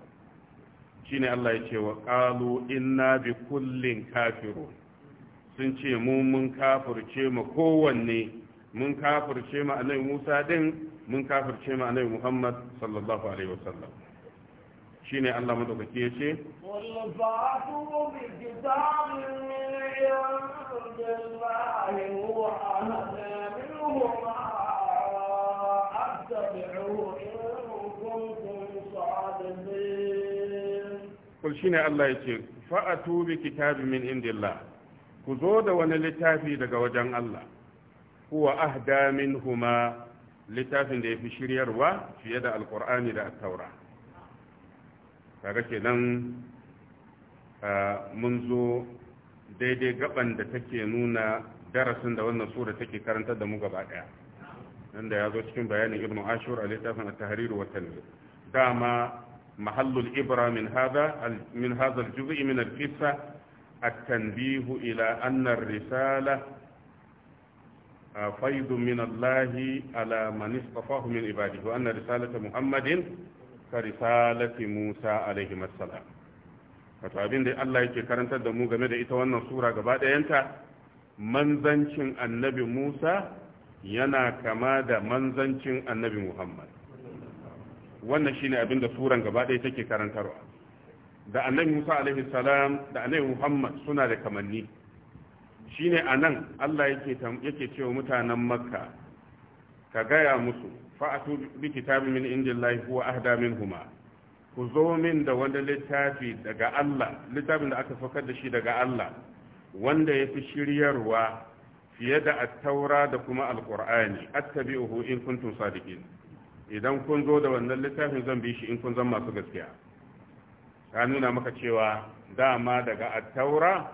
shine Allah ya ce wa qalu inna bi kullin kafirun sun ce mu mun kafirce ma kowanne mun kafirce ma annabi Musa din mun kafirce ma annabi Muhammad sallallahu alaihi wasallam shine Allah madaukaki ya ce qul fa'tu bi kitabin Ƙarshen Allah yai ce fa'addu bi kitabimin Indila, ku zo da wani littafi daga wajen Allah, kuma ah damin huma littafin da ya fi shiryarwa fiye da Alƙur'ani da At-tawra. Rake nan ah, mun zo. daidai gaban da take nuna darasin da wannan sura take karantar da mu gaba daya nan da ya zo cikin bayanin ibnu ashur a littafin at-tahrir wa dama mahallul ibra min min hadha al-juz'i min al-qissa التنبيه إلى أن الرسالة فيض من الله على من اصطفاه من عباده وأن رسالة محمد كرسالة موسى السلام wato abin da Allah yake karantar da mu game da ita wannan sura gaba ɗayanta manzancin annabi Musa yana kama da manzancin annabi Muhammad wannan shine abin da suran gaba ɗaya take karantarwa da annabi Musa alaihi salam da annabi Muhammad suna da kamanni shine anan Allah yake yake cewa mutanen Makka ka gaya musu fa'atu bi kitabin min indillahi huwa ahda huma. ku zo min da wani littafi daga Allah littafin da aka saukar da shi daga Allah wanda ya fi shiryarwa fiye da attaura da kuma alkur'ani attabi'uhu in kuntum sadiqin idan kun zo da wannan littafin zan bi shi in kun zan masu gaskiya ka nuna maka cewa dama daga attaura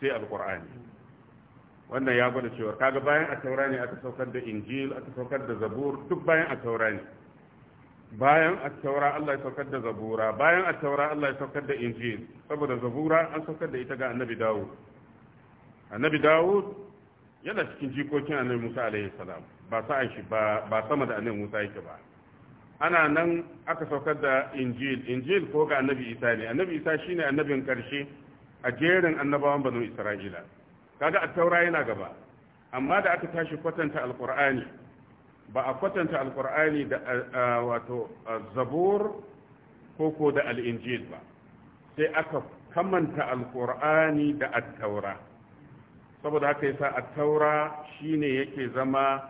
sai alkur'ani wannan ya gwada cewa kaga bayan attaura ne aka saukar da injil aka saukar da zabur duk bayan attaura ne bayan attaura Allah ya saukar da zabura bayan attaura Allah ya saukar da injil saboda zabura an saukar da ita ga annabi dawud annabi dawud yana cikin jikokin annabi musa alaihi salam ba sa'an shi ba ba sama da annabi musa yake ba ana nan aka saukar da injil injil ko ga annabi isa ne annabi isa shine annabin karshe a jerin annabawan banu isra'ila kaga attaura yana gaba amma da aka tashi kwatanta alqur'ani ba a kwatanta alkur'ani da wato zabur ko ko da al'injil ba sai aka kamanta alkur'ani da attaura saboda haka yasa attaura shine yake zama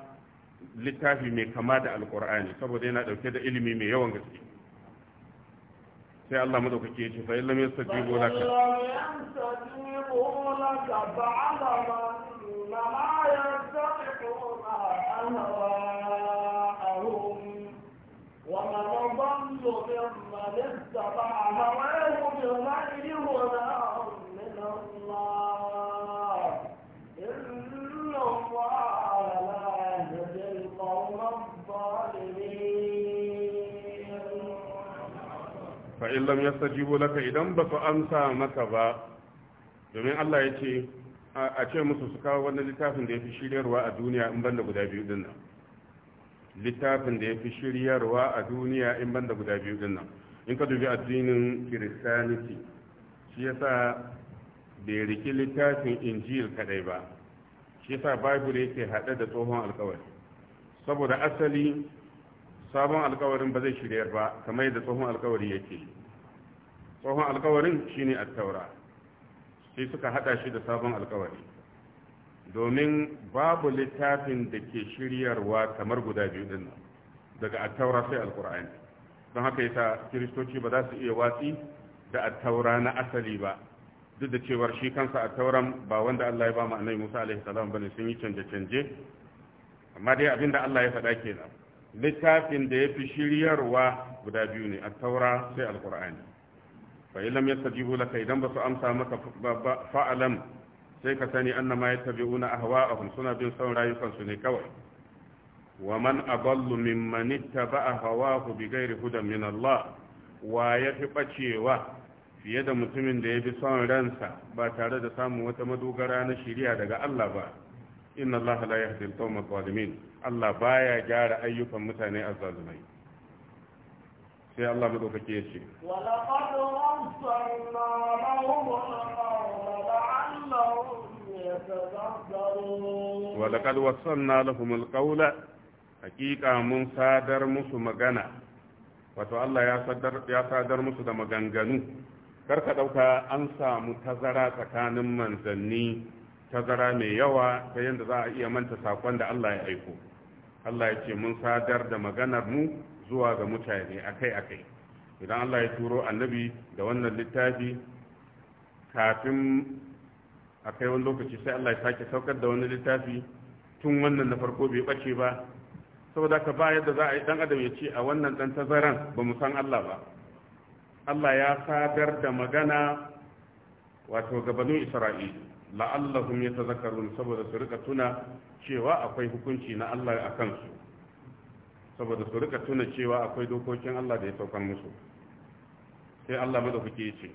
littafi mai kama da alkur'ani saboda yana dauke da ilimi mai yawan gaske sai Allah madaukake shi fa illam yastajibu laka yastajibu فمن اتبع هواه بغير هدى من الله إن الله لا يهدي القوم الظالمين فإن لم يستجيبوا لك إذا بس أمسى مكبا domin Allah ya ce a ce musu su kawo wannan littafin da ya fi shiryarwa a duniya in banda guda biyu dinnan littafin da ya fi shiryarwa a duniya in banda guda biyu dinnan in ka dubi addinin kiristaniti shi yasa bai riki littafin injil kadai ba shi yasa bible yake haɗe da tsohon alkawari saboda asali sabon alkawarin ba zai shirya ba kamar yadda tsohon alkawari yake tsohon alkawarin shine attaura sai suka haɗa shi da sabon alkawari domin babu littafin da ke shiryarwa kamar guda biyu din nan daga attaura sai alkur'ani don haka yasa kiristoci ba za su iya watsi da attaura na asali ba duk da cewar shi kansa attauran ba wanda Allah ya ba mu annabi Musa alaihi salam bane sun yi canje canje amma dai abinda Allah ya faɗa kenan littafin da ya fi shiryarwa guda biyu ne attaura sai alqur'ani fa illam yastajibu laka idan ba su amsa maka fa'alam sai ka sani annama yattabi'una ahwa'ahum suna bin son rayukansu ne kawai wa man aballu mimman ittaba'a hawahu bighairi hudan min Allah wa yafi ɓacewa fiye da mutumin da ya bi son ransa ba tare da samun wata madogara na shirya daga Allah ba inna Allah la yahdi al-qawma zalimin Allah baya gyara ayyukan mutane azzalumai sai Allah madaukake ya ce walaqad hakika mun sadar musu magana wato Allah ya sadar musu da maganganu kar ka ɗauka an samu tazara tsakanin manzanni tazara mai yawa ta yanda za a iya manta sakon da Allah ya aiko Allah ya ce mun sadar da maganar mu zuwa ga mutane akai-akai idan Allah ya turo annabi da wannan littafi kafin a kai wani lokaci sai Allah ya sake saukar da wani littafi tun wannan na farko bai bace ba saboda ka ba yadda za a yi dan adam ya ce a wannan dan tazaran ba mu san Allah ba Allah ya sadar da magana wato ga banu Isra'il la'allahum yatazakkarun saboda su rika tuna cewa akwai hukunci na Allah a kansu saboda su rika tuna cewa akwai dokokin Allah da ya saukar musu sai Allah madaukake ya ce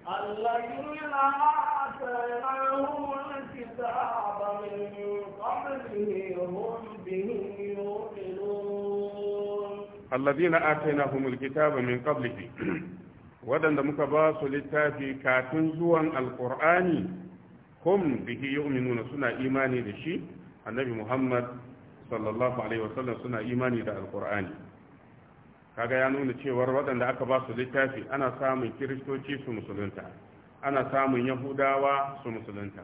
allazina atainahum kitaba min qablihi hum bihi yu'minun allazina atainahum alkitaba min qablihi wadanda muka ba su littafi kafin zuwan alqur'ani hum bihi yu'minuna suna imani da shi annabi muhammad sallallahu alaihi wasallam suna imani da alqur'ani kaga ya nuna cewar waɗanda aka ba su littafi ana samun kiristoci su musulunta ana samun yahudawa su musulunta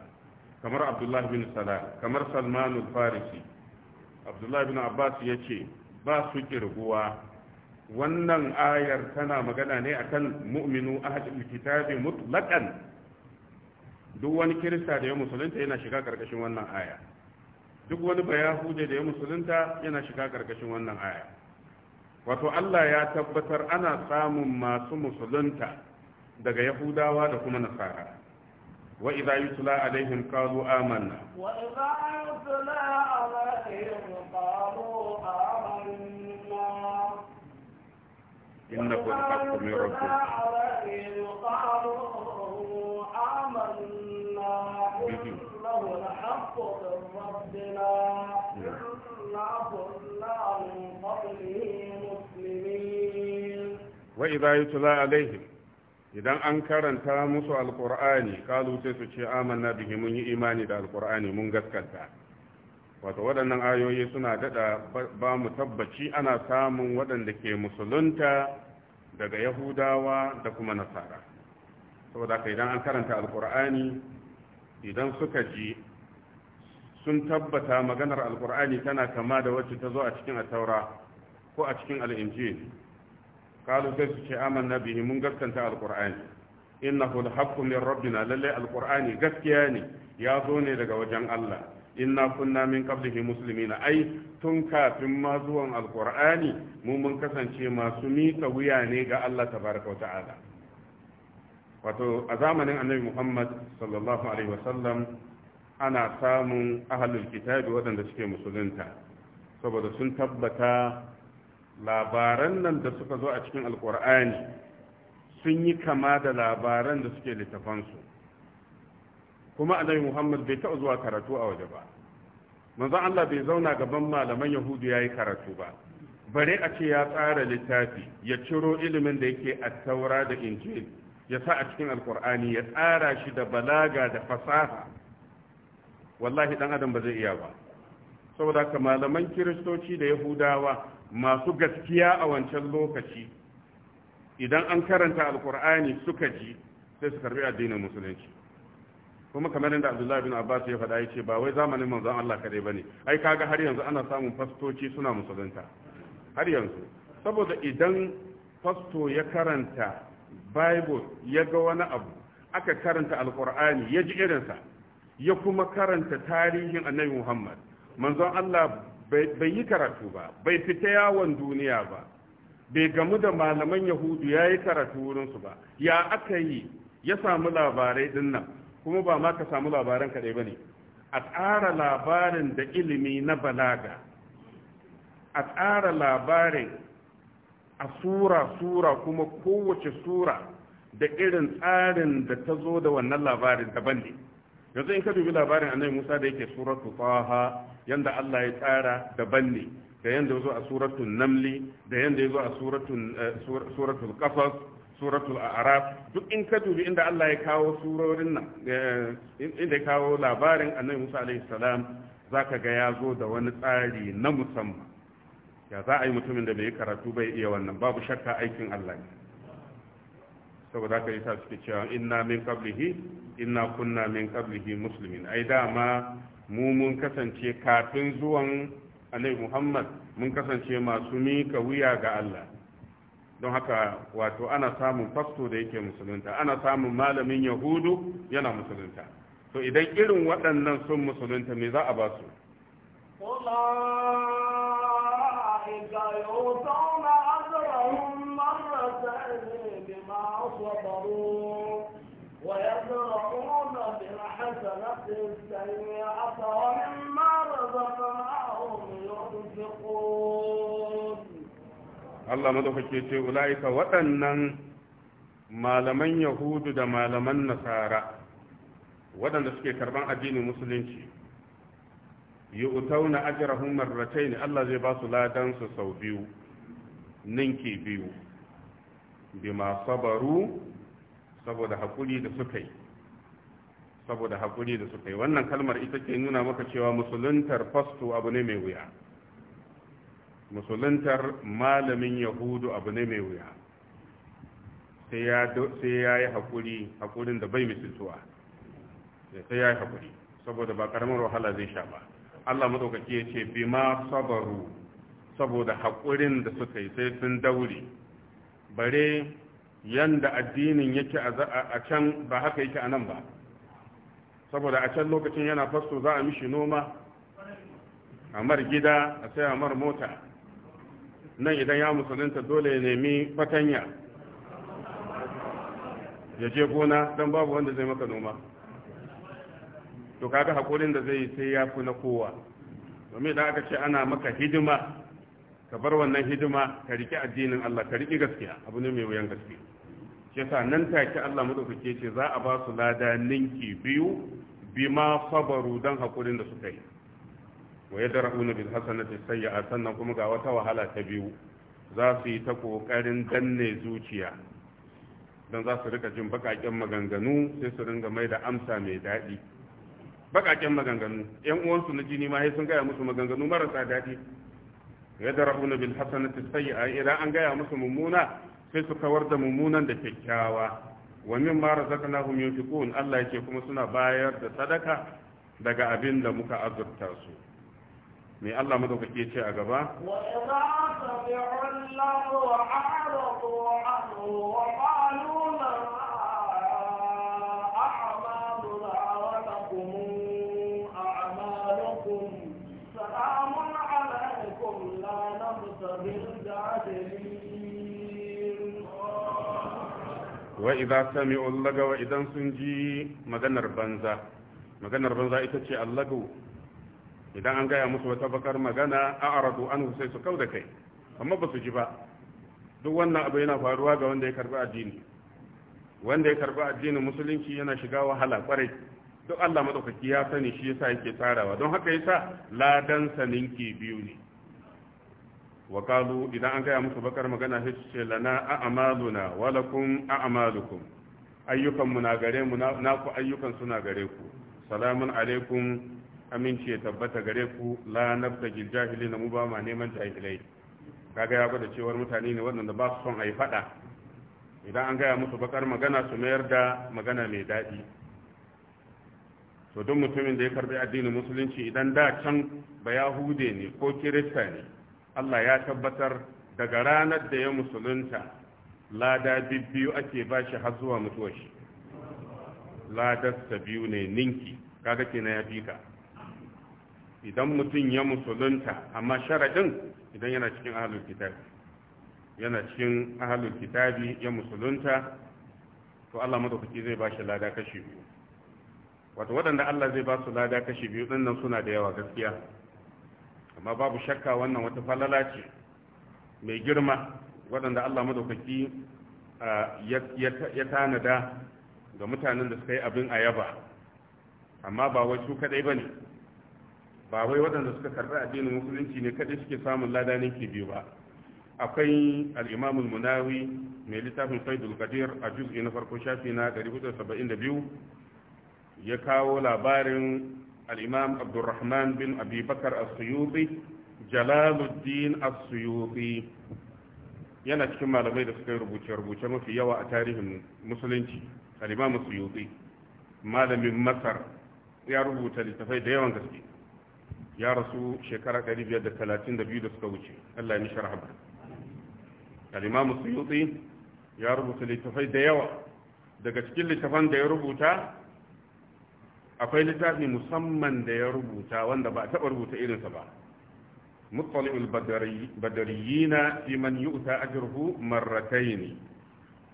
kamar abdullahi bin salam kamar Salmanu farisi abdullahi bin abbas ya ce ba su kirguwa wannan ayar tana magana ne akan mu'minu ahadul kitabi mutlaqan duk wani kirista da ya musulunta yana shiga karkashin wannan aya duk wani bayahuje da ya musulunta yana shiga karkashin wannan aya wato Allah ya tabbatar ana samun masu musulunta daga yahudawa da kuma nasara wa idza yutla alaihim qalu amanna wa idza yutla alaihim qalu amanna mm-hmm. innahu haqqun min rabbina qalu amanna rabbina إنا كنا من قبله مسلمين وإذا يتلى عليهم idan an karanta musu Alƙur'ani, kalu sai su ce amanna bihi mun yi imani da alkur'ani mun gaskanta wato waɗannan ayoyi suna daɗa ba mu tabbaci ana samun waɗanda ke musulunta daga yahudawa da kuma nasara saboda haka idan an karanta alkur'ani idan suka ji sun tabbata maganar alkur'ani tana kama da wacce ta zo a cikin ataura ko a cikin al'injil kalu sai su ce na bihi mun gaskanta alkur'ani innahu alhaqqu min rabbina lalle alkur'ani gaskiya ne ya zo ne daga wajen Allah inna kunna min qablihi muslimina ai tun kafin ma zuwan alkur'ani mu mun kasance masu mika wuya ne ga Allah tabaraka wa ta'ala wato a zamanin annabi Muhammad sallallahu alaihi wasallam ana samun ahalin kitabi waɗanda suke musulunta saboda sun tabbata labaran nan da suka zo a cikin alkur'ani sun yi kama da labaran da suke littafansu kuma annabi muhammad bai taɓa zuwa karatu a waje ba manzon allah bai zauna gaban malaman yahudu ya yi karatu ba bare a ce ya tsara littafi ya ciro ilimin da yake a taura da injil ya sa a cikin alkur'ani ya tsara shi da balaga da fasaha wallahi ɗan adam ba zai iya ba saboda haka malaman kiristoci da yahudawa masu gaskiya a wancan lokaci idan an karanta alkur'ani suka ji sai su karbi addinin musulunci kuma kamar yadda abdullahi bin abbas ya faɗa ya ce ba wai zamanin manzon allah kadai ba ne ai kaga har yanzu ana samun fastoci suna musulunta har yanzu saboda idan fasto ya karanta bible ya ga wani abu aka karanta alkur'ani ya ji irinsa ya kuma karanta tarihin annabi muhammad manzon allah bai yi karatu ba bai fita yawon duniya ba bai gamu da malaman yahudu ya yi karatu wurinsu ba ya aka yi ya samu labarai nan, kuma ba ma ka samu labaran kaɗai ba ne a tsara labarin da ilimi na balaga a tsara labarin a sura-sura kuma kowace sura da irin tsarin da ta zo da wannan labarin daban ne yanzu in ka dubi labarin annabi Musa da yake suratu Taha yanda Allah ya tsara daban ne da yanda yazo a suratul Namli da yanda yazo a suratul eh, suratul Qasas suratul A'raf duk in ka dubi inda Allah ya kawo surorin nan eh, inda ya kawo labarin annabi Musa alaihi salam zaka ga ya zo da wani tsari na musamman ya za a yi mutumin da bai karatu bai iya wannan babu shakka aikin Allah ne saboda haka yasa suke cewa inna min qablihi inna kunna min qablihi muslimin ai dama mu mun kasance kafin zuwan annabi Muhammad mun kasance masu mika wuya ga Allah don haka wato ana samun fasto da yake musulunta ana samun malamin yahudu yana musulunta to idan irin waɗannan sun musulunta me za a ba su أولئك يؤتون أجرهم مرتين Allah صبروا ويدرؤون بالحسنة ومما رزقناهم ce ula'ika waɗannan malaman yahudu da malaman nasara waɗanda suke karban addinin musulunci yi ajirahun marratai ne, Allah zai ba su ladansu sau biyu ninki biyu bima sabaru saboda hakuri da suka yi saboda hakuri da suka yi wannan kalmar ita ke nuna maka cewa musuluntar fasto abu ne mai wuya musuluntar malamin yahudu abu ne mai wuya sai ya yi haƙuri haƙurin da bai misaltuwa sai ya yi haƙuri saboda ba ƙaramin wahala zai sha ba allah maɗaukaki ya ce bima sabaru saboda haƙurin da suka yi sai sun daure bare yanda addinin yake a can ba haka yake a nan ba saboda a can lokacin yana fasto za a mishi noma a mar gida a sai a mar mota nan idan ya musulunta dole ya nemi fatanya ya je gona don babu wanda zai maka noma to kaga hakurin da zai sai ya fi na kowa domin idan aka ce ana maka hidima ka bar wannan hidima ka riƙe addinin Allah ka riƙe gaskiya abu ne mai wuyan gaske shi yasa nan take Allah madaukake ce za a ba su lada ninki biyu bima sabaru dan hakurin da suka yi wa yadra'una bil hasanati sayya'a sannan kuma ga wata wahala ta biyu za su yi ta kokarin danne zuciya dan za su rika jin bakakken maganganu sai su ringa mai da amsa mai daɗi bakakken maganganu Ƴan uwansu na jini ma sai sun gaya musu maganganu marasa daɗi yadra'una bil hasanati sayyi'a idan an gaya musu mummuna sai su kawar da mummunan da kyakkyawa wa mimma razaqnahum yunfiqun Allah yake kuma suna bayar da sadaka daga abin da muka azurta su me Allah madaukake ce a gaba wa idza sami'u lahu wa a'radu wa qalu wa idza sami'u idan sun ji maganar banza maganar banza ita ce allagu idan an gaya musu wata bakar magana a aradu an sai su kau da kai amma ba su ji ba duk wannan abu yana faruwa ga wanda ya karbi addini wanda ya karbi addinin musulunci yana shiga wahala kwarai duk Allah madaukaki ya sani shi yasa yake tsarawa don haka yasa ladan saninki biyu ne wakalu idan an gaya musu bakar magana sai su ce lana a'maluna wa lakum a'malukum ayyukan mu na gare mu na ku ayyukan suna gare ku salamun alaikum aminci ya tabbata gare ku la nabtaji jahilina mu ba ma neman jahilai kaga ya gwada cewar mutane ne waɗanda ba su son a yi faɗa idan an gaya musu bakar magana su mayar da magana mai daɗi to duk mutumin da ya karbi addinin musulunci idan da can ba yahude ne ko kirista ne Allah ya tabbatar daga ranar da ya musulunta lada biyu ake ba shi har zuwa mutuwa shi ladarsa biyu ne ninki kaga na ya fi ka idan mutum ya musulunta amma sharaɗin idan yana cikin ahalul kitabi yana cikin ahalul kitabi ya musulunta to Allah madaukaki zai ba shi lada kashi biyu wato waɗanda Allah zai ba su lada kashi biyu ɗin nan suna da yawa gaskiya amma babu shakka wannan wata falala ce mai girma waɗanda Allah madaukaki ya tanada ga mutanen da suka yi abin a yaba amma ba wai su kadai ba ne ba wai waɗanda suka karɓi addinin musulunci ne kadai suke samun ladanin ne ke biyu ba akwai al'imamul munawi mai littafin faidul qadir a juz'i na farko shafi na 472 ya kawo labarin الإمام عبد الرحمن بن أبي بكر السيوطي جلال الدين السيوطي yana cikin malamai da suka yi rubuce mafi yawa a tarihin musulunci al-imam malamin masar ya rubuta littafai da yawan gaske ya rasu shekara 532 da suka wuce Allah ya nishar haɓar al-imam suyuti ya rubuta littafai da yawa daga cikin littafan da ya rubuta akwai littafi musamman da ya rubuta wanda ba a taɓa rubuta irinsa ba mutsali'ul badariyina fi man yu'ta ajruhu marratayn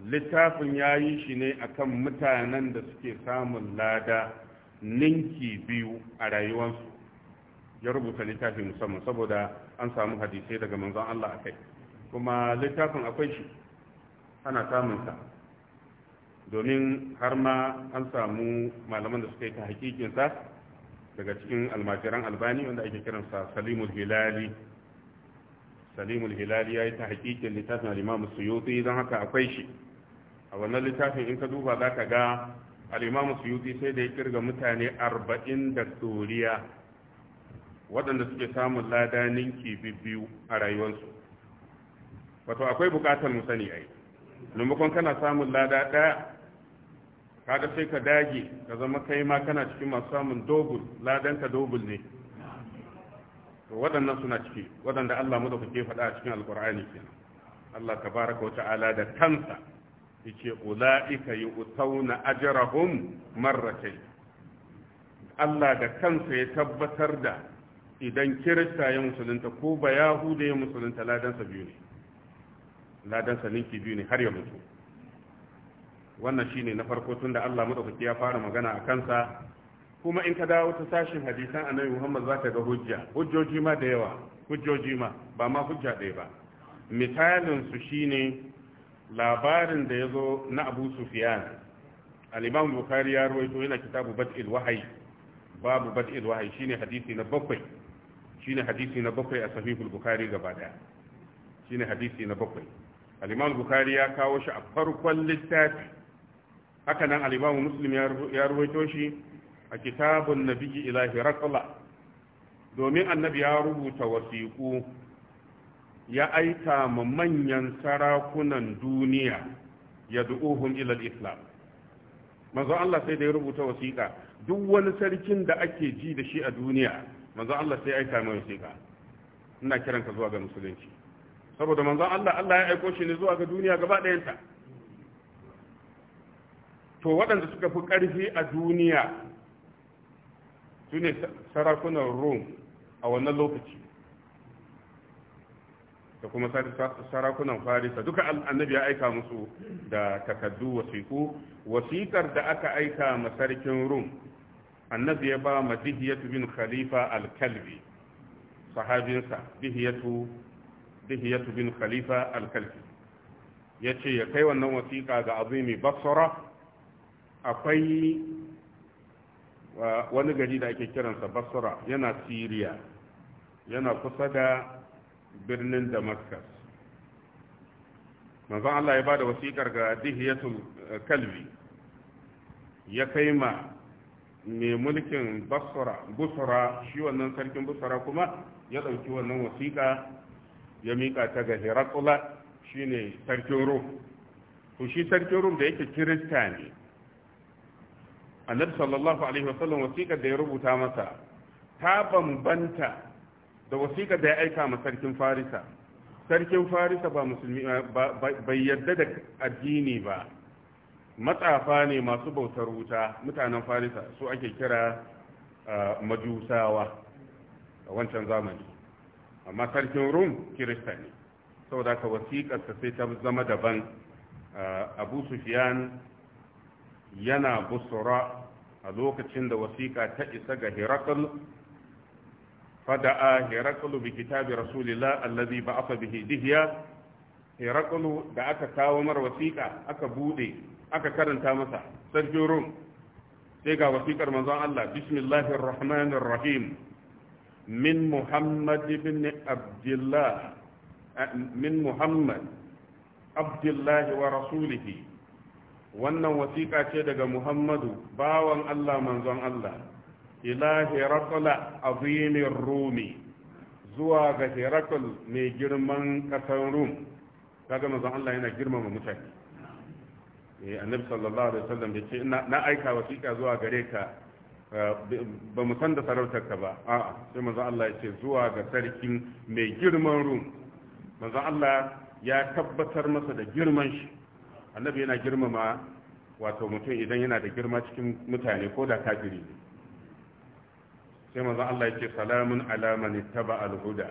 littafin yayi shi ne akan mutanen da suke samun lada ninki biyu a rayuwarsu ya rubuta littafi musamman saboda an samu hadisai daga manzon Allah akai kuma littafin akwai shi ana samunsa domin har ma an samu malaman da suka yi ta hakikinsa daga cikin almajiran albani wanda ake kiransa salimul hilali salimul hilali ya yi ta hakikin littafin al'imamu suyuti don haka akwai shi a wannan littafin in ka duba za ka ga al'imamu suyuti sai da ya kirga mutane arba'in da doriya waɗanda suke samun lada ninki biyu a rayuwarsu wato akwai bukatar mu sani ai maimakon kana samun lada ɗaya kaga sai ka dage ka zama kai ma kana cikin masu samun dogul ladan ka dogul ne to waɗannan suna ciki waɗanda Allah madaukake faɗa a cikin alqur'ani kenan Allah tabaraka wa ta'ala da kansa yace ulaika yu'tawna ajrahum marratay Allah da kansa ya tabbatar da idan kirista ya musulunta ko ba yahuda ya musulunta sa biyu ne sa ninki biyu ne har ya mutu wannan shi ne na farko tun da Allah madaukaki ya fara magana a kansa kuma in ka dawo ta sashin hadisan annabi Muhammad za ka ga hujja hujjoji ma da yawa hujjoji ma ba ma hujja ɗaya ba misalin su shine labarin da yazo na Abu Sufyan al-Imam Bukhari ya rawaito yana kitabu Bad'il Wahyi babu Bad'il Wahyi shine hadisi na bakwai shine hadisi na bakwai a Sahihul Bukhari gaba daya shine hadisi na bakwai al-Imam Bukhari ya kawo shi a farkon littafi haka nan al muslim ya ruwaito shi a kitabun nabiyyi ila hiraqla domin annabi ya rubuta wasiku ya aika ma manyan sarakunan duniya ya du'uhum ila islam manzo Allah sai da ya rubuta wasiƙa duk wani sarkin da ake ji da shi a duniya manzo Allah sai aika mai wasiƙa ina kiranka zuwa ga musulunci saboda manzo Allah Allah ya aiko shi ne zuwa ga duniya gaba ɗayanta to waɗanda suka fi ƙarfi a duniya su ne sarakunan Rome a wannan lokaci da kuma sarakunan farisa duka annabi ya aika musu da takardu wasiku wasikar da aka aika ma sarkin rum annabi ya ba ma dihiyatu bin khalifa al-kalbi sahabinsa dihiyatu bin khalifa al-kalbi ya ce ya kai wannan wasiƙa ga azumi basra akwai wani gari da ake kiransa basra yana siriya yana kusa da birnin damascus manzon allah ya bada wasikar ga dihiyatul kalbi ya kai ma mai mulkin basra busra shi wannan sarkin busra kuma ya ɗauki wannan wasiƙa ya miƙa ta ga herakula ne sarkin rum to shi sarkin rum da yake kirista ne annabi sallallahu alaihi wasallam wasiƙar da ya rubuta masa ta bambanta da wasiƙar da ya aika ma sarkin farisa sarkin farisa ba musulmi eh, bai yarda da addini ba matsafa ne masu bautar wuta mutanen farisa su ake kira eh, majusawa a wancan zamani amma sarkin rum kirista ne saboda ka wasiƙarsa sai ta zama daban eh, abu sufiyan yana busura a lokacin da wasiƙa ta isa ga hirakul fada'a hirakul bi kitabi rasulillah allazi ba'atha bihi dihya hirakul da aka kawo mara wasiƙa aka buɗe aka karanta masa Sarki rum sai ga wasiƙar manzon Allah bismillahir rahmanir rahim min muhammad ibn abdullah eh, min muhammad abdullah wa rasulihi wannan wasiƙa ce daga muhammadu bawan allah manzon allah ila herakula azimin rumi zuwa ga herakul mai girman ƙasar rum kaga manzon allah yana girmama mutane eh, annabi sallallahu alaihi wasallam ya ce na aika wasiƙa zuwa gare ka eh, ba mu san da sarautarka ba a'a sai manzon Allah ya ce zuwa ga sarkin mai girman rum manzon Allah ya tabbatar masa da girman shi annabi yana girmama wato mutum idan yana da girma cikin mutane ko da kafiri ne sai manzon Allah yake salamun ala man ittaba al-huda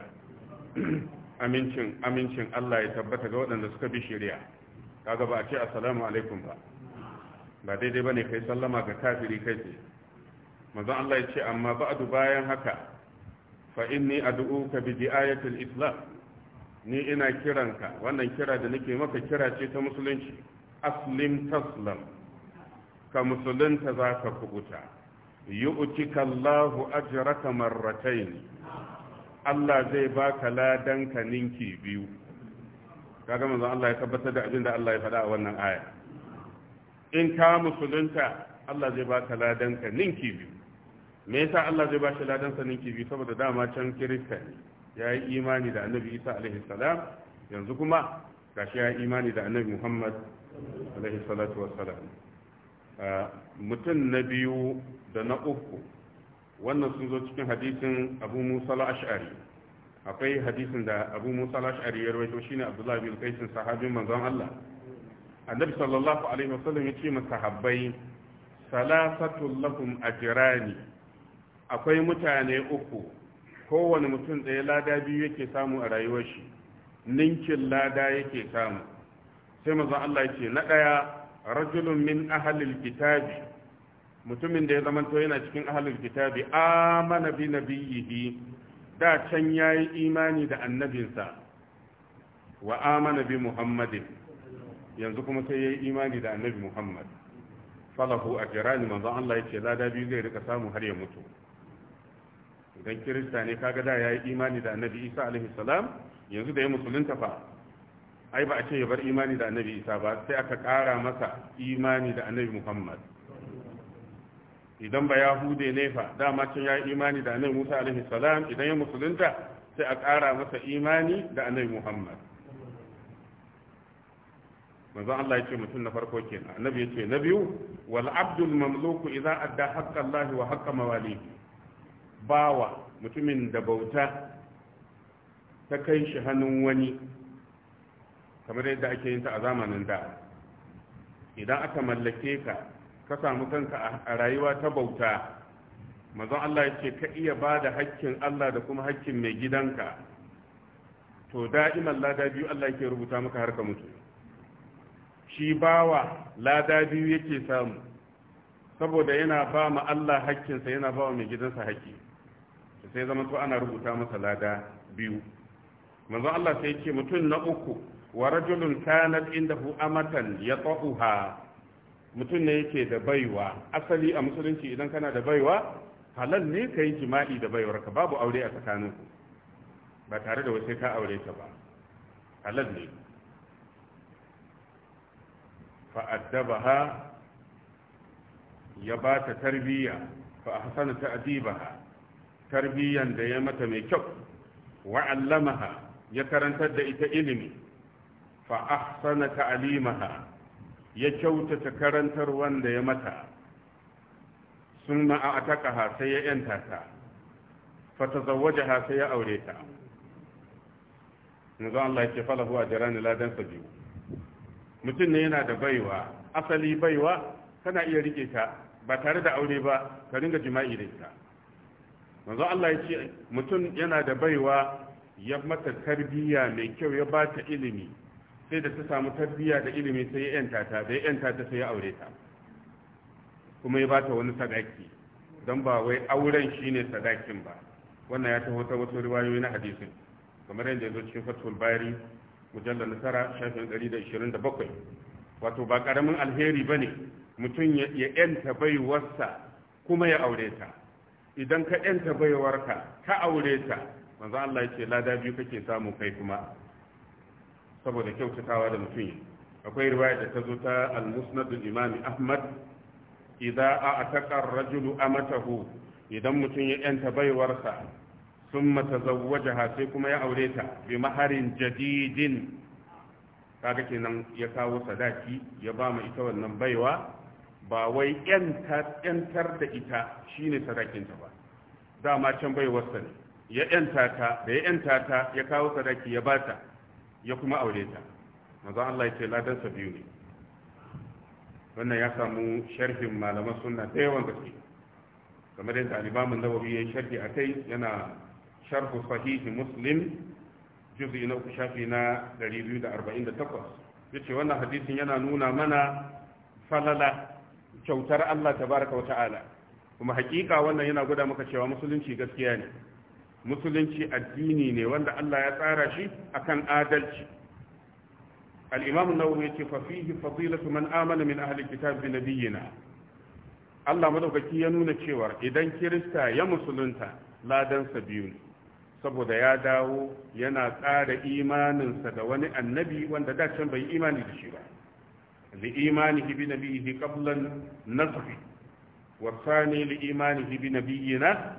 amincin amincin Allah ya tabbata ga waɗanda suka bi shari'a kaga ba a ce assalamu alaikum ba ba daidai bane kai sallama ga kafiri kai ce manzon Allah yake amma ba'du bayan haka fa inni ad'uka bi di'ayatil islam ni ina kiranka wannan kira da nake maka kira ce ta musulunci aslim taslam ka musulunta za ka kubuta kallahu Allahu ajraka marratayn Allah zai baka ladan ka ninki biyu kaga zan Allah ya tabbatar da abin da Allah ya faɗa a wannan aya in ka musulunta Allah zai baka ladan ka ninki biyu me yasa Allah zai ba shi ladan sa ninki biyu saboda dama can kirista ne ya yi imani da annabi Isa alaihi salam yanzu kuma shi ya yi imani da annabi Muhammad alaihi salatu wassalam mutum na biyu da na uku wannan sun zo cikin hadisin abu musa al-ash'ari akwai hadisin da abu musa al-ash'ari ya rawaito shine abdullahi bin qais sahabin manzon Allah annabi sallallahu alaihi wasallam ya ce sahabbai salasatul lahum ajrani akwai mutane uku kowane mutum ɗaya lada biyu yake samu a rayuwar shi ninkin lada yake samu sai manzon Allah ya ce na ɗaya rajulun min ahlil kitabi mutumin da ya zamanto yana cikin ahlil kitabi amana bi nabiyhi da can yayi imani da annabinsa wa amana bi muhammadin yanzu kuma sai yayi imani da annabi muhammad falahu ajrani manzon Allah yace lada biyu zai rika samu har ya mutu idan kirista ne kaga da yayi imani da annabi Isa alaihi salam yanzu da ya musulunta fa ai ba a ce ya bar imani da annabi isa ba sai aka kara masa imani da annabi muhammad idan ba yahude ne fa dama can ya imani da annabi musa alaihi salam idan ya musulunta sai a ƙara masa imani da annabi muhammad manzon Allah ya ce mutum na farko kenan annabi ya ce na biyu wal abdul mamluku idza adda haqqa Allah wa haqqa mawalihi bawa mutumin da bauta ta kai shi hannun wani kamar yadda ake yin ta a zamanin da idan aka mallake ka ka samu kanka a rayuwa ta bauta mazan Allah ya ce ka iya ba da hakkin Allah da kuma hakkin mai gidanka to da'iman lada biyu Allah yake rubuta maka har ka mutu shi bawa lada biyu yake samu saboda yana ba ma Allah haƙƙinsa yana ba wa mai gidansa hakki sai zama to ana rubuta masa lada biyu manzo Allah sai yake mutum na uku wa rajulun kanat indahu amatan yata'uha mutum ne yake da baiwa asali a musulunci idan kana da baiwa halal ne ka yi jima'i da baiwar ka babu aure a tsakaninku ba tare da wasu ka aure ta ba halal ne fa'addabaha ya ba ta tarbiyya fa a hasana ta'adibaha tarbiyyan da ya mata mai kyau wa'allamaha ya karantar da ita ilimi fa ahsana ta'limaha ya kyautata karantar wanda ya mata sun ha sai ya yanta ta fa tazawwajaha sai ya aure ta manzo Allah yake falahu ajran ladan sabiu mutum ne yana da baiwa asali baiwa kana iya rike ta ba tare da aure ba ka ringa jima'i da ita manzo Allah ya ce mutum yana da baiwa ya mata tarbiyya mai kyau ya ba ta ilimi sai da ta samu tarbiyya da ilimi sai ya yanta ta da ya yanta ta sai ya aure ta kuma ya ba ta wani sadaki don ba wai auren shi ne sadakin ba wannan ya taho ta wasu riwayoyi na hadisin kamar yadda ya zo cikin fatul bari mujallar nasara shafin 127 wato ba karamin alheri ba ne mutum ya yanta baiwarsa kuma ya aure ta idan ka yanta baiwarka ka aure ta manzo Allah ya ce lada biyu kake samu kai kuma saboda kyautatawa da mutum yi akwai riwaya da ta zo ta al-musnad imam ahmad idza a'taqa ar-rajulu amatahu idan mutum ya yanta baiwarsa summa tazawwajaha sai kuma ya aure ta bi maharin jadidin kaga kenan ya kawo sadaki ya ba mu ita wannan baiwa ba wai yantar da ita shine sadakinta ba dama can baiwarsa ne ya yanta ta da ya yanta ta ya kawo sadaki ya ba ta. ya kuma aure ta manzo Allah ya ce ladan sa biyu ne wannan ya samu sharhin malaman sunna da yawan gaske kamar yadda al nawawi ya sharhi akai yana sharh sahih Muslim juz'i na shafi na 248 yace wannan hadisin yana nuna mana falala kyautar Allah tabaraka wa ta'ala kuma hakika wannan yana gwada maka cewa musulunci gaskiya ne musulunci addini ne wanda Allah ya tsara shi akan adalci al-imam ya ce yace fa man amana min ahli kitab bi nabiyina Allah madaukaki ya nuna cewa idan kirista ya musulunta ladansa biyu saboda ya dawo yana tsara imaninsa da wani annabi wanda da can bai imani da shi ba li imanihi bi nabiyihi qablan nasfi wa thani li imanihi bi nabiyina